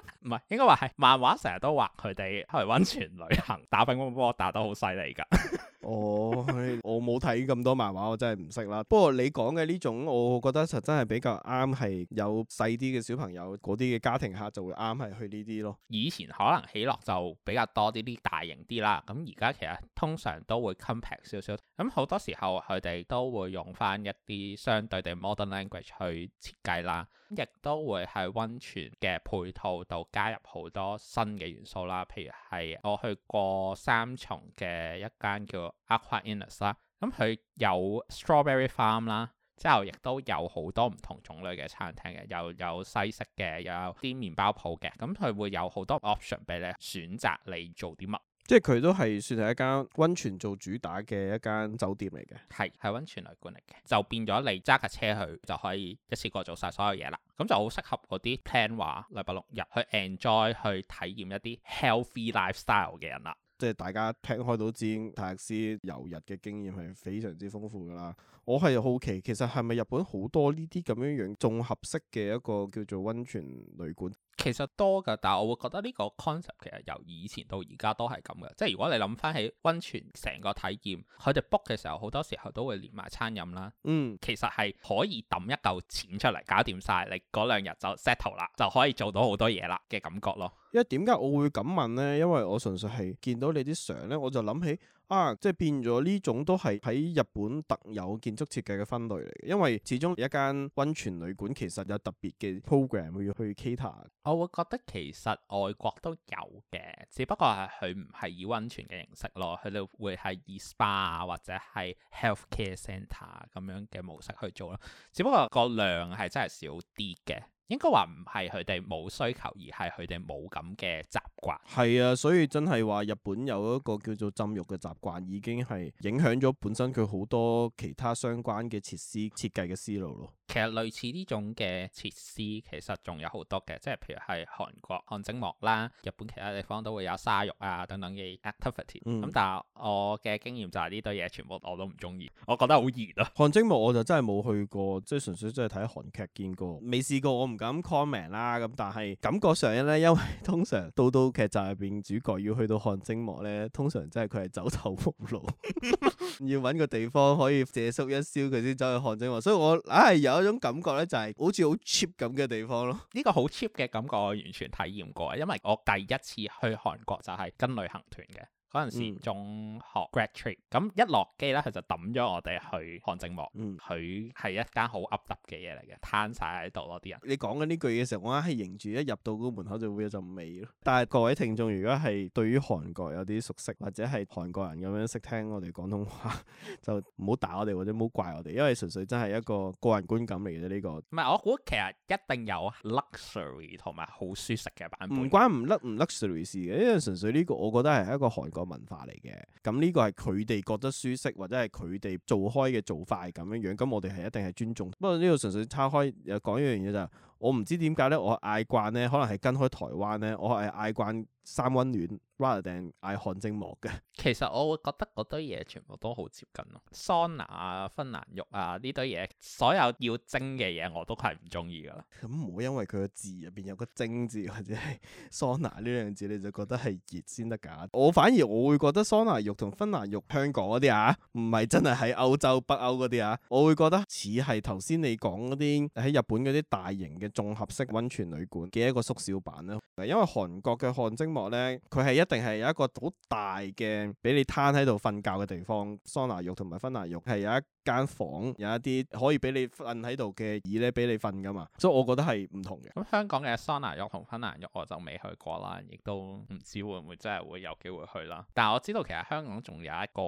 [LAUGHS] 唔係，應該話係漫畫成日都話佢哋去溫泉旅行，打乒乓波打得好犀利㗎。 [LAUGHS] [LAUGHS] 哦、我我冇睇咁多漫畫，我真係唔識啦。不過你講嘅呢種，我覺得實真係比較啱，係有細啲嘅小朋友嗰啲嘅家庭客就會啱，係去呢啲咯。以前可能喜樂就比較多啲啲大型啲啦，咁而家其實通常都會 compact 少少。咁好多時候佢哋都會用翻一啲相對地 modern language 去設計啦，亦都會喺温泉嘅配套度加入好多新嘅元素啦。譬如係我去過三重嘅一間叫。Aquaignis 啦，咁佢有 strawberry farm 啦，之後亦都有好多唔同種類嘅餐廳嘅，又有，有西式嘅，又有啲麵包鋪嘅，咁佢會有好多 option 俾你選擇，你做啲乜？即係佢都係算係一間溫泉做主打嘅一間酒店嚟嘅，係係溫泉旅館嚟嘅，就變咗你揸架車去就可以一次過做晒所有嘢啦，咁就好適合嗰啲 plan 話禮拜六日去 enjoy 去體驗一啲 healthy lifestyle 嘅人啦。即係大家聽開都知，泰克斯遊日嘅經驗係非常之豐富㗎啦。我係好奇，其實係咪日本好多呢啲咁樣樣綜合式嘅一個叫做温泉旅館？其實多噶，但係我會覺得呢個 concept 其實由以前到而家都係咁嘅，即係如果你諗翻起温泉成個體驗，佢哋 book 嘅時候好多時候都會連埋餐飲啦，嗯，其實係可以抌一嚿錢出嚟搞掂晒，你嗰兩日就 set 頭啦，就可以做到好多嘢啦嘅感覺咯。因為點解我會咁問呢？因為我純粹係見到你啲相呢，我就諗起。啊！即係變咗呢種都係喺日本特有建築設計嘅分類嚟嘅，因為始終有一間温泉旅館其實有特別嘅 program 要去 cater。我會覺得其實外國都有嘅，只不過係佢唔係以温泉嘅形式咯，佢哋會係以 SPA 或者係 healthcare centre 咁樣嘅模式去做咯，只不過個量係真係少啲嘅。應該話唔係佢哋冇需求，而係佢哋冇咁嘅習慣。係啊，所以真係話日本有一個叫做浸浴嘅習慣，已經係影響咗本身佢好多其他相關嘅設施設計嘅思路咯。其實類似呢種嘅設施，其實仲有好多嘅，即係譬如係韓國汗蒸幕啦，日本其他地方都會有沙浴啊等等嘅 activity。咁、嗯、但係我嘅經驗就係呢堆嘢全部我都唔中意，我覺得好熱啊，汗蒸幕我就真係冇去過，即係純粹真係睇韓劇見過，未試過我唔敢 comment 啦。咁但係感覺上咧，因為通常到到劇集入邊主角要去到汗蒸幕咧，通常真係佢係走投無路， [LAUGHS] [LAUGHS] [LAUGHS] 要揾個地方可以借宿一宵，佢先走去汗蒸幕。所以我唉有。有種感覺咧，就係好似好 cheap 咁嘅地方咯。呢個好 cheap 嘅感覺，我完全體驗過，因為我第一次去韓國就係跟旅行團嘅。嗰陣時中學 grad trip，咁一落機咧佢就揼咗我哋去汗蒸幕，佢係、嗯、一間好 up 嘅嘢嚟嘅，攤晒喺度咯啲人。你講緊呢句嘅時候，我硬係迎住一入到個門口就會有陣味咯。但係各位聽眾，如果係對於韓國有啲熟悉，或者係韓國人咁樣識聽我哋廣東話，就唔好打我哋或者唔好怪我哋，因為純粹真係一個個人觀感嚟嘅呢個。唔係，我估其實一定有 luxury 同埋好舒適嘅版本，唔關唔 lu 唔 luxury 事嘅，因為純粹呢個我覺得係一個韓國。個文化嚟嘅，咁、這、呢個係佢哋覺得舒適或者係佢哋做開嘅做法係咁樣樣，咁我哋係一定係尊重。不過呢度純粹叉開又講一樣嘢就是。我唔知點解咧，我嗌慣咧，可能係跟開台灣咧，我係嗌慣三温暖 rather than 嗌汗蒸幕嘅。其實我會覺得嗰堆嘢全部都好接近咯，桑拿啊、芬蘭浴啊呢堆嘢，所有要蒸嘅嘢我都係唔中意噶啦。咁唔好因為佢個字入邊有個蒸字或者係桑拿呢兩字你就覺得係熱先得㗎。我反而我會覺得桑拿浴同芬蘭浴，香港嗰啲啊，唔係真係喺歐洲北歐嗰啲啊，我會覺得似係頭先你講嗰啲喺日本嗰啲大型嘅。綜合式温泉旅館嘅一個縮小版啦，因為韓國嘅汗蒸幕呢，佢係一定係有一個好大嘅俾你攤喺度瞓覺嘅地方，桑拿浴同埋燻浴係有一間房有一啲可以俾你瞓喺度嘅椅咧，俾你瞓噶嘛，所以我覺得係唔同嘅。咁香港嘅桑拿浴同芬蘭浴我就未去過啦，亦都唔知會唔會真係會有機會去啦。但我知道其實香港仲有一個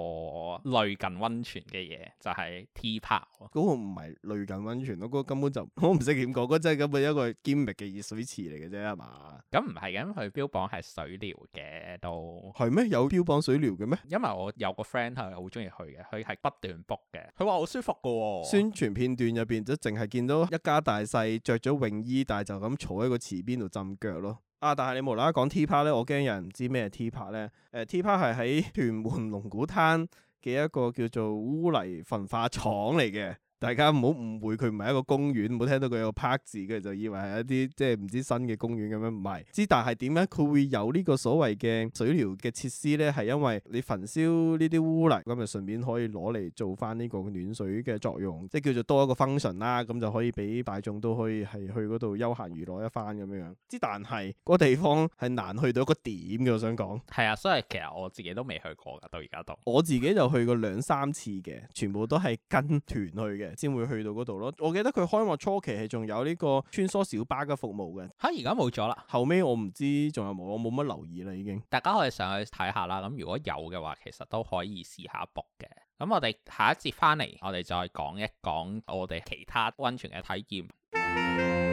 類近温泉嘅嘢，就係 T Park。嗰個唔係類近温泉咯，嗰、嗰個根本就我唔識點講，嗰真係咁嘅一個 gimmick 嘅熱水池嚟嘅啫，係嘛？咁唔係嘅，佢標榜係水療嘅都係咩？有標榜水療嘅咩？因為我有個 friend 係好中意去嘅，佢係不斷 book 嘅，佢好、啊、舒服㗎喎、哦！宣傳片段入邊都淨係見到一家大細着咗泳衣，但係就咁坐喺個池邊度浸腳咯。啊！但係你無啦啦講 T park 咧，我驚有人唔知咩係 T park 咧。誒，T park 係喺屯門龍鼓灘嘅一個叫做烏泥焚化廠嚟嘅。 [LAUGHS] 大家唔好誤會，佢唔係一個公園，冇聽到佢有個 park 字嘅就以為係一啲即係唔知新嘅公園咁樣，唔係。之但係點解佢會有呢個所謂嘅水療嘅設施咧，係因為你焚燒呢啲污泥，咁就順便可以攞嚟做翻呢個暖水嘅作用，即係叫做多一個 function 啦。咁就可以俾大眾都可以係去嗰度休閒娛樂一番。咁樣樣。之但係嗰個地方係難去到一個點嘅，我想講。係啊，所以其實我自己都未去過噶，到而家都。我自己就去過兩三次嘅，全部都係跟團去嘅。先會去到嗰度咯。我記得佢開幕初期係仲有呢個穿梭小巴嘅服務嘅。嚇，而家冇咗啦。後尾我唔知仲有冇，我冇乜留意啦已經。大家可以上去睇下啦。咁如果有嘅話，其實都可以試下搏嘅。咁我哋下一節翻嚟，我哋再講一講我哋其他溫泉嘅體驗。 [MUSIC]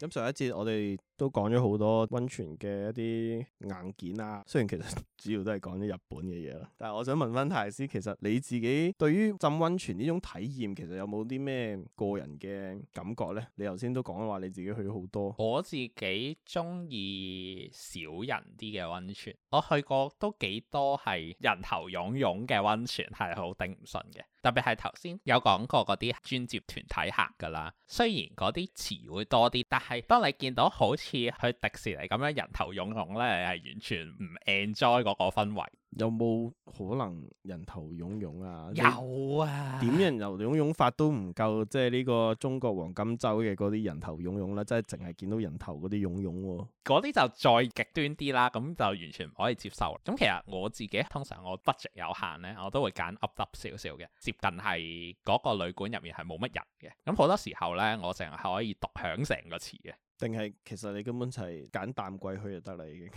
咁上一節我哋都講咗好多溫泉嘅一啲硬件啊，雖然其實主要都係講啲日本嘅嘢啦，但係我想問翻泰斯，其實你自己對於浸溫泉呢種體驗，其實有冇啲咩個人嘅感覺呢？你頭先都講話你自己去好多，我自己中意少人啲嘅溫泉。我去過都幾多係人頭湧湧嘅溫泉係好頂唔順嘅。特別係頭先有講過嗰啲專接團體客㗎啦，雖然嗰啲池會多啲，但係當你見到好似去迪士尼咁樣人頭湧湧咧，你係完全唔 enjoy 嗰個氛圍。有冇可能人頭湧湧啊？有啊，點人頭湧湧法都唔夠，即係呢個中國黃金週嘅嗰啲人頭湧湧、啊、啦，即係淨係見到人頭嗰啲湧湧。嗰啲就再極端啲啦，咁就完全唔可以接受。咁、嗯、其實我自己通常我 budget 有限咧，我都會揀 up up 少少嘅，接近係嗰個旅館入面係冇乜人嘅。咁好多時候咧，我成日可以獨享成個池嘅。定係其實你根本就係揀淡季去就得啦，已經。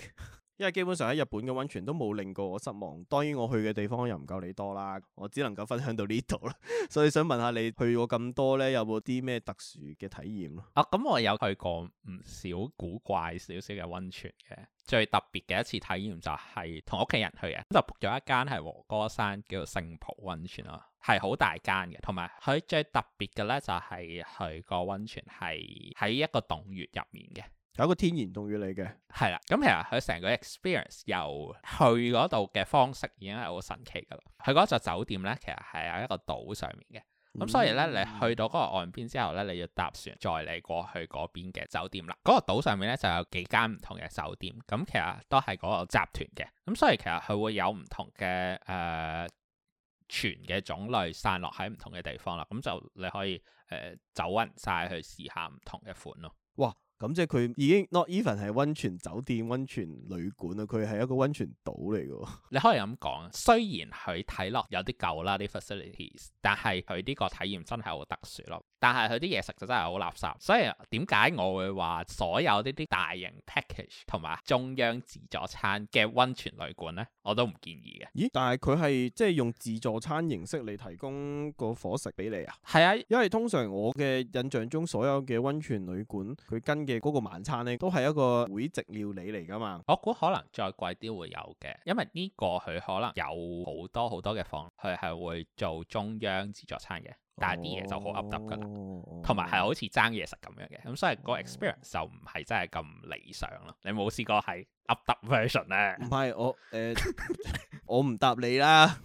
因為基本上喺日本嘅溫泉都冇令過我失望，當然我去嘅地方又唔夠你多啦，我只能夠分享到呢度啦。所以想問下你去過咁多呢，有冇啲咩特殊嘅體驗咯？啊、哦、咁、嗯、我有去過唔少古怪少少嘅溫泉嘅，最特別嘅一次體驗就係同屋企人去嘅，就咗一間係和歌山叫做勝浦溫泉啊，係好大間嘅，同埋佢最特別嘅呢，就係、是、去個溫泉係喺一個洞穴入面嘅。有一個天然洞穴嚟嘅，係啦。咁其實佢成個 experience 又去嗰度嘅方式已經係好神奇噶啦。佢嗰座酒店咧，其實係喺一個島上面嘅，咁所以咧，你去到嗰個岸邊之後咧，你要搭船再嚟過去嗰邊嘅酒店啦。嗰、嗰個島上面咧就有幾間唔同嘅酒店，咁其實都係嗰個集團嘅，咁所以其實佢會有唔同嘅誒泉嘅種類散落喺唔同嘅地方啦。咁就你可以誒、呃、走勻晒去試下唔同嘅款咯。哇！咁即係佢已經 not even 係溫泉酒店、溫泉旅館啊！佢係一個溫泉島嚟㗎。你可以咁講啊，雖然佢睇落有啲舊啦，啲 facilities，但係佢呢個體驗真係好特殊咯。但係佢啲嘢食就真係好垃圾。所以點解我會話所有呢啲大型 package 同埋中央自助餐嘅溫泉旅館咧，我都唔建議嘅。咦？但係佢係即係用自助餐形式嚟提供個伙食俾你啊？係啊，因為通常我嘅印象中所有嘅溫泉旅館佢跟嘅。嗰個晚餐咧，都係一個會席料理嚟噶嘛，我估可能再貴啲會有嘅，因為呢個佢可能有好多好多嘅房，佢係會做中央自助餐嘅。但係啲嘢就好噏耷㗎啦，同埋係好似爭嘢食咁樣嘅，咁所以個 experience 就唔係真係咁理想咯。你冇試過係噏耷 version 咧？唔係我誒，我唔、呃、 [LAUGHS] 答你啦，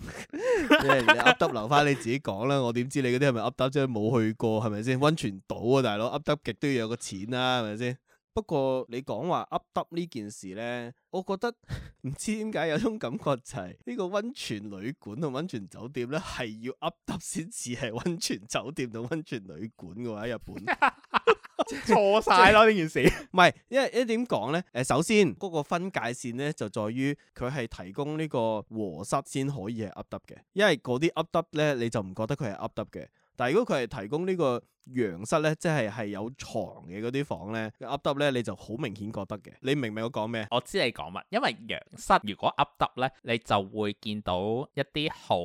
因 [LAUGHS] 為你噏耷留翻你自己講啦。 [LAUGHS] 我點知你嗰啲係咪噏耷？Up，即係冇去過係咪先？溫泉島啊，大佬噏耷極都要有個錢啦、啊，係咪先？不過你講話 up up 呢件事呢，我覺得唔 [LAUGHS] 知點解有種感覺就係、是、呢、這個温泉旅館同温泉酒店呢，係要 up up 先至係温泉酒店同温泉旅館嘅話喺日本錯晒咯呢件事，唔 [LAUGHS] 係因為一點講咧，誒首先嗰、那個分界線呢，就在於佢係提供呢個和室先可以係 up up 嘅，因為嗰啲 up up 呢你就唔覺得佢係 up up 嘅，但係如果佢係提供呢、這個。洋室咧，即係係有床嘅嗰啲房咧，噏噏咧，你就好明顯覺得嘅。你明唔明我講咩？我知你講乜，因為洋室如果噏噏咧，你就會見到一啲好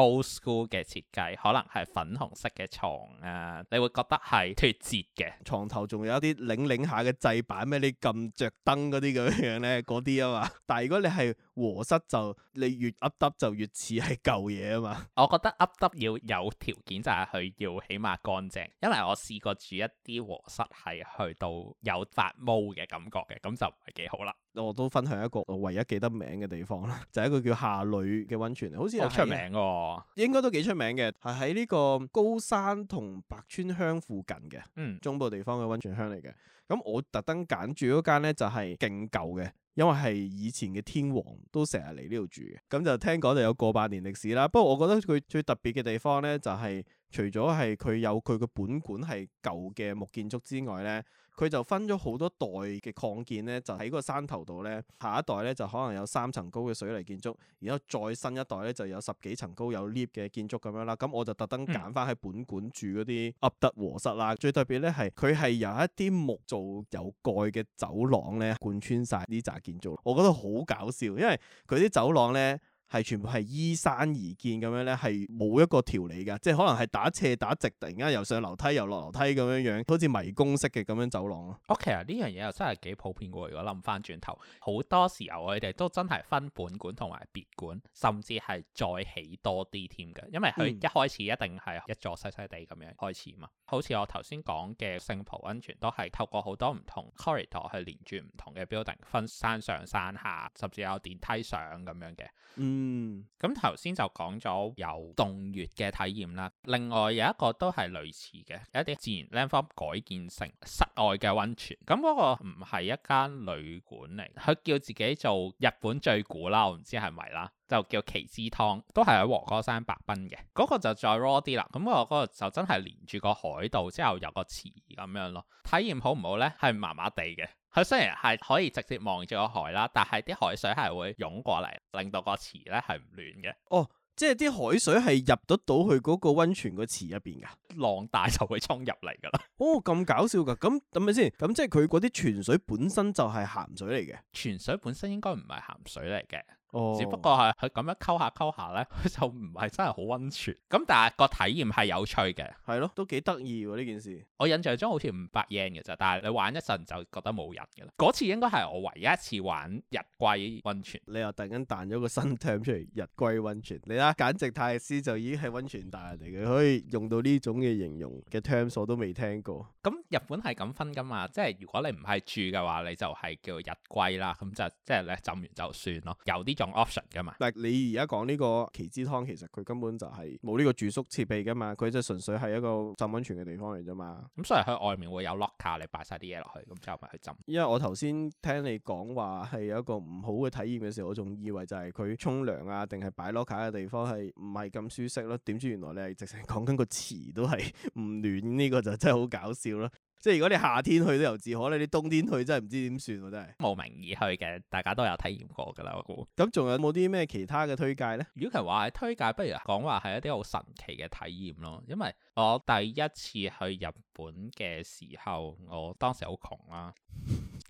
old school 嘅設計，可能係粉紅色嘅床啊，你會覺得係脫節嘅。床頭仲有一啲擰擰下嘅製板咩？你撳着燈嗰啲咁樣樣咧，嗰啲啊嘛。但係如果你係和室就，就你越噏噏就越似係舊嘢啊嘛。我覺得噏噏要有條件就係佢要，要起碼乾淨。因為我試過住一啲和室，係去到有發毛嘅感覺嘅，咁就唔係幾好啦。我都分享一個我唯一記得名嘅地方咧， [LAUGHS] 就係一個叫下呂嘅溫泉，好似好出名嘅，哦、應該都幾出名嘅，係喺呢個高山同白川鄉附近嘅、嗯、中部地方嘅溫泉鄉嚟嘅。咁我特登揀住嗰間咧，就係勁舊嘅，因為係以前嘅天皇都成日嚟呢度住嘅，咁就聽講就有過百年歷史啦。不過我覺得佢最特別嘅地方咧，就係、是、～除咗係佢有佢個本館係舊嘅木建築之外呢，佢就分咗好多代嘅擴建呢，就喺個山頭度呢，下一代呢，就可能有三層高嘅水泥建築，然後再新一代呢就有十幾層高有 lift 嘅建築咁樣啦。咁我就特登揀翻喺本館住嗰啲凹凸和室啦。嗯、最特別呢係佢係由一啲木做有蓋嘅走廊呢，貫穿晒呢棟建築，我覺得好搞笑，因為佢啲走廊呢。係全部係依山而建咁樣咧，係冇一個條理㗎，即係可能係打斜打直，突然間又上樓梯又落樓梯咁樣樣，好似迷宮式嘅咁樣走廊咯。哦、okay, 啊，其實呢樣嘢又真係幾普遍喎。如果諗翻轉頭，好多時候我哋都真係分本館同埋別館，甚至係再起多啲添嘅，因為佢一開始一定係一座細細地咁樣開始嘛。嗯、好似我頭先講嘅聖淘溫泉都係透過好多唔同 corridor 去連住唔同嘅 building，分山上山下，甚至有電梯上咁樣嘅。嗯。嗯，咁頭先就講咗有洞穴嘅體驗啦，另外有一個都係類似嘅，有一啲自然 landform 改建成室外嘅溫泉，咁嗰個唔係一間旅館嚟，佢叫自己做日本最古是是啦，我唔知係咪啦。就叫奇之湯，都係喺和歌山白濱嘅嗰個就再 raw 啲啦。咁我嗰個就真係連住個海度之後有個池咁樣咯。體驗好唔好咧？係麻麻地嘅。佢雖然係可以直接望住個海啦，但係啲海水係會湧過嚟，令到個池咧係唔暖嘅。哦，即係啲海水係入得到去嗰個温泉個池入邊噶？浪大就會衝入嚟噶啦。哦，咁搞笑噶！咁係咪先？咁即係佢嗰啲泉水本身就係鹹水嚟嘅？泉水本身應該唔係鹹水嚟嘅。哦、只不過係佢咁樣溝下溝下咧，佢就唔係真係好温泉。咁但係個體驗係有趣嘅，係咯，都幾得意喎呢件事。我印象中好似五百 yen 嘅咋，但係你玩一陣就覺得冇人嘅啦。嗰次應該係我唯一一次玩日歸温，温泉。你又突然間彈咗個新 term 出嚟，日歸温泉。你睇，簡直泰斯就已經係温泉達人嚟嘅，可以用到呢種嘅形容嘅 term，我都未聽過。咁、嗯、日本係咁分㗎嘛，即係如果你唔係住嘅話，你就係叫日歸啦，咁就即係你浸完就算咯。有啲 option 噶嘛？但係，你而家講呢個奇之湯，其實佢根本就係冇呢個住宿設備噶嘛，佢就純粹係一個浸温泉嘅地方嚟啫嘛。咁所以喺外面會有 locker 你擺曬啲嘢落去，咁之後咪去浸。因為我頭先聽你講話係有一個唔好嘅體驗嘅時候，我仲以為就係佢沖涼啊，定係擺 locker 嘅地方係唔係咁舒適咯？點知原來你係直情講緊個池都係唔暖，呢個就真係好搞笑咯～即係如果你夏天去都遊自可咧，你冬天去真係唔知點算喎，真係。慕名而去嘅，大家都有體驗過㗎啦。我估咁仲有冇啲咩其他嘅推介呢？如果係話係推介，不如講話係一啲好神奇嘅體驗咯。因為我第一次去日本嘅時候，我當時好窮啦，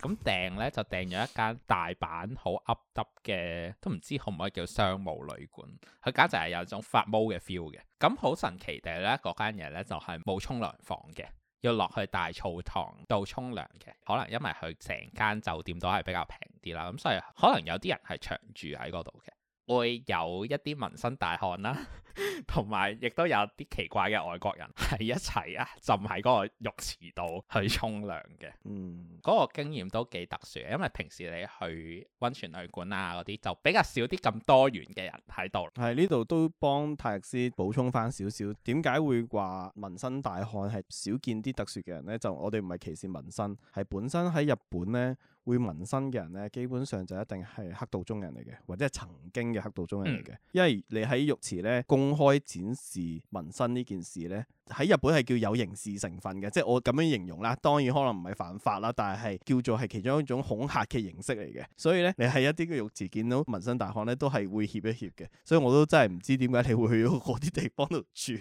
咁訂呢就訂咗一間大阪好 up up 嘅，都唔知可唔可以叫商務旅館。佢簡直係有種發毛嘅 feel 嘅。咁好神奇嘅呢，嗰間嘢呢就係冇沖涼房嘅。要落去大澡堂度沖涼嘅，可能因為佢成間酒店都係比較平啲啦，咁所以可能有啲人係長住喺嗰度嘅，會有一啲紋身大漢啦。 [LAUGHS] 同埋亦都有啲奇怪嘅外國人喺一齊啊，浸喺嗰個浴池度去沖涼嘅。嗯，嗰個經驗都幾特殊，因為平時你去溫泉旅館啊嗰啲就比較少啲咁多元嘅人喺度。係呢度都幫泰勒斯補充翻少少，點解會話紋身大漢係少見啲特殊嘅人呢？就我哋唔係歧視紋身，係本身喺日本呢，會紋身嘅人呢，基本上就一定係黑，黑道中人嚟嘅，或者係曾經嘅黑道中人嚟嘅，因為你喺浴池呢公。公開展示紋身呢件事呢，喺日本係叫有刑事成分嘅，即係我咁樣形容啦。當然可能唔係犯法啦，但係叫做係其中一種恐嚇嘅形式嚟嘅。所以呢，你喺一啲嘅浴池見到紋身大漢呢，都係會怯一怯嘅。所以我都真係唔知點解你會去嗰啲地方度住。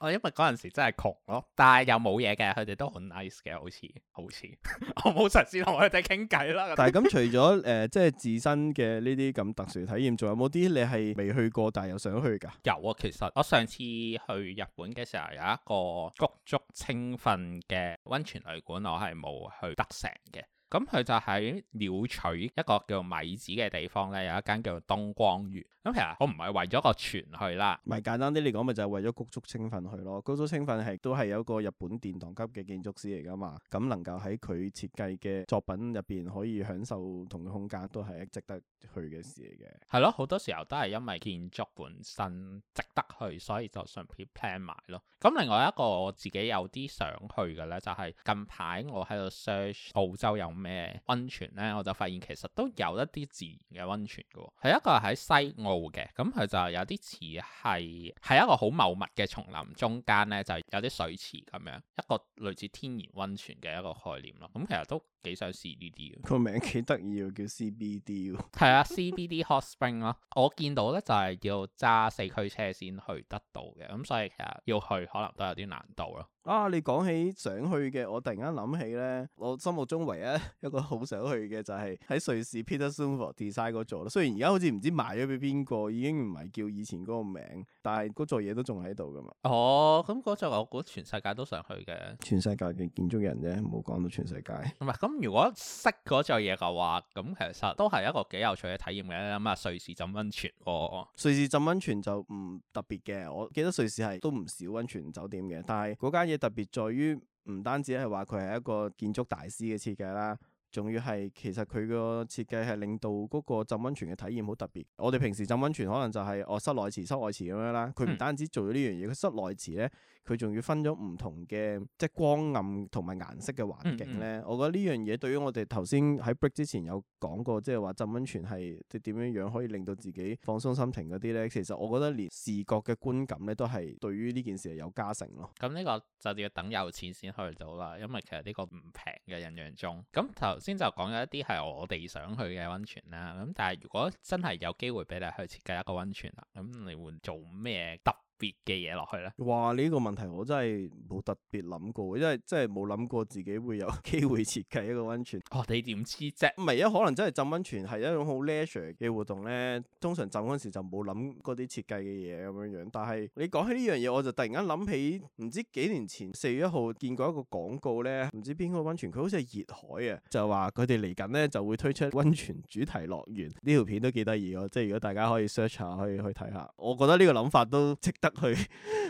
我因為嗰陣時真係窮咯，哦、但係又冇嘢嘅，佢哋都好 nice 嘅，好似好似 [LAUGHS] [LAUGHS] 我冇事先同佢哋傾偈啦。但係咁除咗誒、 [LAUGHS] 呃，即係自身嘅呢啲咁特殊體驗，仲有冇啲你係未去過，但係又想去噶？有啊，其實我上次去日本嘅時候，有一個菊竹清訓嘅溫泉旅館，我係冇去得成嘅。咁佢就喺鳥取一個叫米子嘅地方咧，有一間叫東光園。咁其實我唔係為咗個泉去啦，咪簡單啲嚟講咪就係為咗菊竹清訓去咯。菊竹清訓係都係有個日本殿堂級嘅建築師嚟㗎嘛，咁能夠喺佢設計嘅作品入邊可以享受同嘅空間，都係值得。去嘅事嘅，係咯，好多時候都係因為建築本身值得去，所以就順便 plan 埋咯。咁另外一個我自己有啲想去嘅咧，就係、是、近排我喺度 search 澳洲有咩溫泉咧，我就發現其實都有一啲自然嘅溫泉嘅，係一個喺西澳嘅，咁佢就有啲似係係一個好茂密嘅叢林中間咧，就是、有啲水池咁樣，一個類似天然溫泉嘅一個概念咯。咁其實都。幾想試呢啲啊，個名幾得意喎，叫 CBD 喎。係啊，CBD Hot Spring 咯。我見到咧就係要揸四驅車先去得到嘅，咁所以其實要去可能都有啲難度咯。啊！你講起想去嘅，我突然間諗起咧，我心目中唯一一個好想去嘅就係、是、喺瑞士 Peter Zumthor Design 嗰座咯。雖然而家好似唔知賣咗俾邊個，已經唔係叫以前嗰個名，但係嗰座嘢都仲喺度噶嘛。哦，咁嗰座我覺得全世界都想去嘅。全世界嘅建築人啫，冇講到全世界。唔係，咁如果識嗰座嘢嘅話，咁其實都係一個幾有趣嘅體驗嘅。咁啊，瑞士浸溫泉哦。哦哦，瑞士浸溫泉就唔特別嘅，我記得瑞士係都唔少溫泉酒店嘅，但係嗰間嘢。特別在於唔單止係話佢係一個建築大師嘅設計啦。仲要係，其實佢個設計係令到嗰個浸溫泉嘅體驗好特別。我哋平時浸溫泉可能就係、是、卧、哦、室、內池、室外池咁樣啦。佢唔單止做咗、嗯、呢樣嘢，佢室內池咧，佢仲要分咗唔同嘅即係光暗同埋顏色嘅環境咧。嗯嗯、我覺得呢樣嘢對於我哋頭先喺 break 之前有講過，即係話浸溫泉係即係點樣樣可以令到自己放鬆心情嗰啲咧。其實我覺得連視覺嘅觀感咧都係對於呢件事係有加成咯。咁呢個就要等有錢先去到啦，因為其實呢個唔平嘅印象中。咁頭。頭先就講咗一啲係我哋想去嘅温泉啦，咁但係如果真係有機會俾你去設計一個温泉啦，咁你會做咩得？別嘅嘢落去咧，哇！呢個問題我真係冇特別諗過，因為真係冇諗過自己會有機會設計一個溫泉。哦，你點知啫？係唔係一可能真係浸溫泉係一種好 leisure 嘅活動咧？通常浸嗰陣時就冇諗嗰啲設計嘅嘢咁樣樣。但係你講起呢樣嘢，我就突然間諗起唔知幾年前四月一號見過一個廣告咧，唔知邊個溫泉佢好似係熱海啊，就話佢哋嚟緊咧就會推出溫泉主題樂園。呢條片都幾得意喎，即係如果大家可以 search 下，可以去睇下。我覺得呢個諗法都值得。去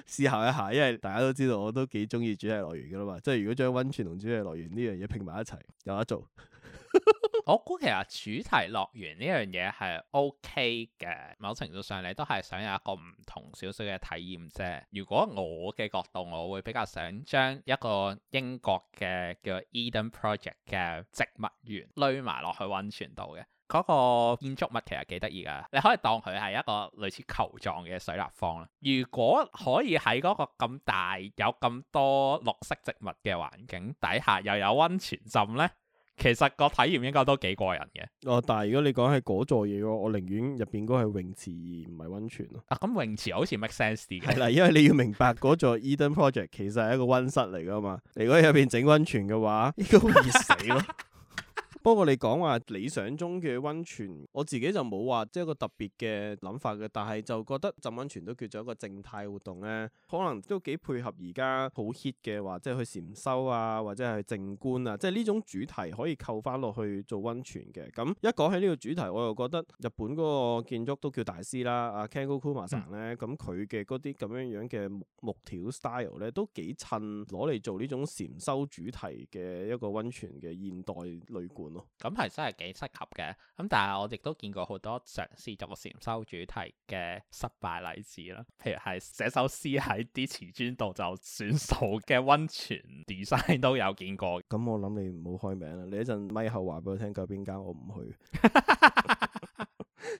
思考一下，因為大家都知道我都幾中意主題樂園噶啦嘛，即係如果將温泉同主題樂園呢樣嘢拼埋一齊，有得做。 [LAUGHS] 我估其實主題樂園呢樣嘢係 OK 嘅，某程度上你都係想有一個唔同少少嘅體驗啫。如果我嘅角度，我會比較想將一個英國嘅叫 Eden Project 嘅植物園堆埋落去温泉度嘅。嗰個建築物其實幾得意噶，你可以當佢係一個類似球狀嘅水立方啦。如果可以喺嗰個咁大、有咁多綠色植物嘅環境底下又有温泉浸呢，其實個體驗應該都幾過癮嘅。哦、啊，但係如果你講起嗰座嘢我寧願入邊嗰係泳池而唔係温泉啊，咁泳池好似 make sense 啲。係啦，因為你要明白嗰 [LAUGHS] 座 Eden Project 其實係一個温室嚟噶嘛。如果入邊整温泉嘅話，應該會熱死咯。 [LAUGHS] [LAUGHS] 不過你講話、啊、理想中嘅温泉，我自己就冇話即係個特別嘅諗法嘅，但係就覺得浸温泉都叫做一個靜態活動呢，可能都幾配合而家好 hit 嘅話，即係去禪修啊，或者係靜觀啊，即係呢種主題可以扣翻落去做温泉嘅。咁一講起呢個主題，我又覺得日本嗰個建築都叫大師啦，阿 Kengo Kuma 成呢。咁佢嘅嗰啲咁樣樣嘅木木條 style 呢，都幾襯攞嚟做呢種禪修主題嘅一個温泉嘅現代旅館。咁係真係幾適合嘅，咁、嗯、但係我亦都見過好多嘗試做禪修主題嘅失敗例子啦，譬如係寫首詩喺啲瓷磚度就算數嘅溫泉 design 都有見過。咁、嗯、我諗你唔好開名啦，你一陣咪後話俾我聽，去邊間我唔去。 [LAUGHS]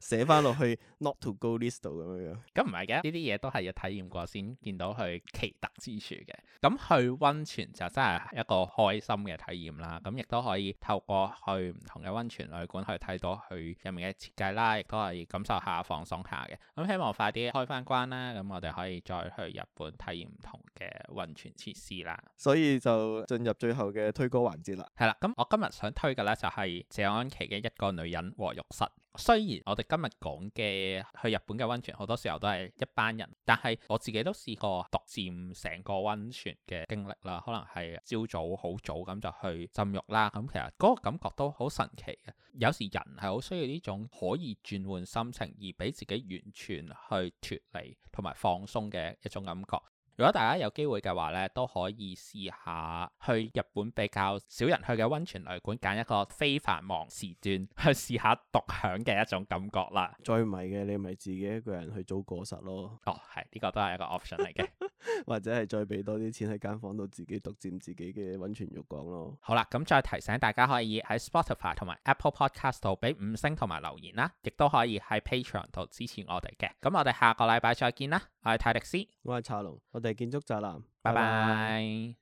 寫翻落去 Not to go list 咁樣樣，咁唔係嘅，呢啲嘢都係要體驗過先見到佢奇特之處嘅。咁去溫泉就真係一個開心嘅體驗啦，咁亦都可以透過去唔同嘅溫泉旅館去睇到佢入面嘅設計啦，亦都可以感受下放鬆下嘅。咁希望快啲開翻關啦，咁我哋可以再去日本體驗唔同嘅溫泉設施啦。所以就進入最後嘅推歌環節啦。係啦， [LAUGHS] 咁我今日想推嘅咧就係謝安琪嘅一個女人和浴室。雖然我哋今日講嘅去日本嘅溫泉，好多時候都係一班人，但係我自己都試過獨占成個溫泉嘅經歷啦。可能係朝早好早咁就去浸浴啦，咁其實嗰個感覺都好神奇嘅。有時人係好需要呢種可以轉換心情，而俾自己完全去脫離同埋放鬆嘅一種感覺。如果大家有機會嘅話咧，都可以試下去日本比較少人去嘅溫泉旅館，揀一個非繁忙時段去試下獨享嘅一種感覺啦。再唔係嘅，你咪自己一個人去租過室咯。哦，係呢、這個都係一個 option 嚟嘅， [LAUGHS] 或者係再俾多啲錢喺間房度自己獨佔自己嘅溫泉浴缸咯。好啦，咁再提醒大家，可以喺 Spotify 同埋 Apple Podcast 度俾五星同埋留言啦，亦都可以喺 Patreon 度支持我哋嘅。咁我哋下個禮拜再見啦。我係泰迪斯，我係茶龍，我哋建築宅男，拜拜。拜拜。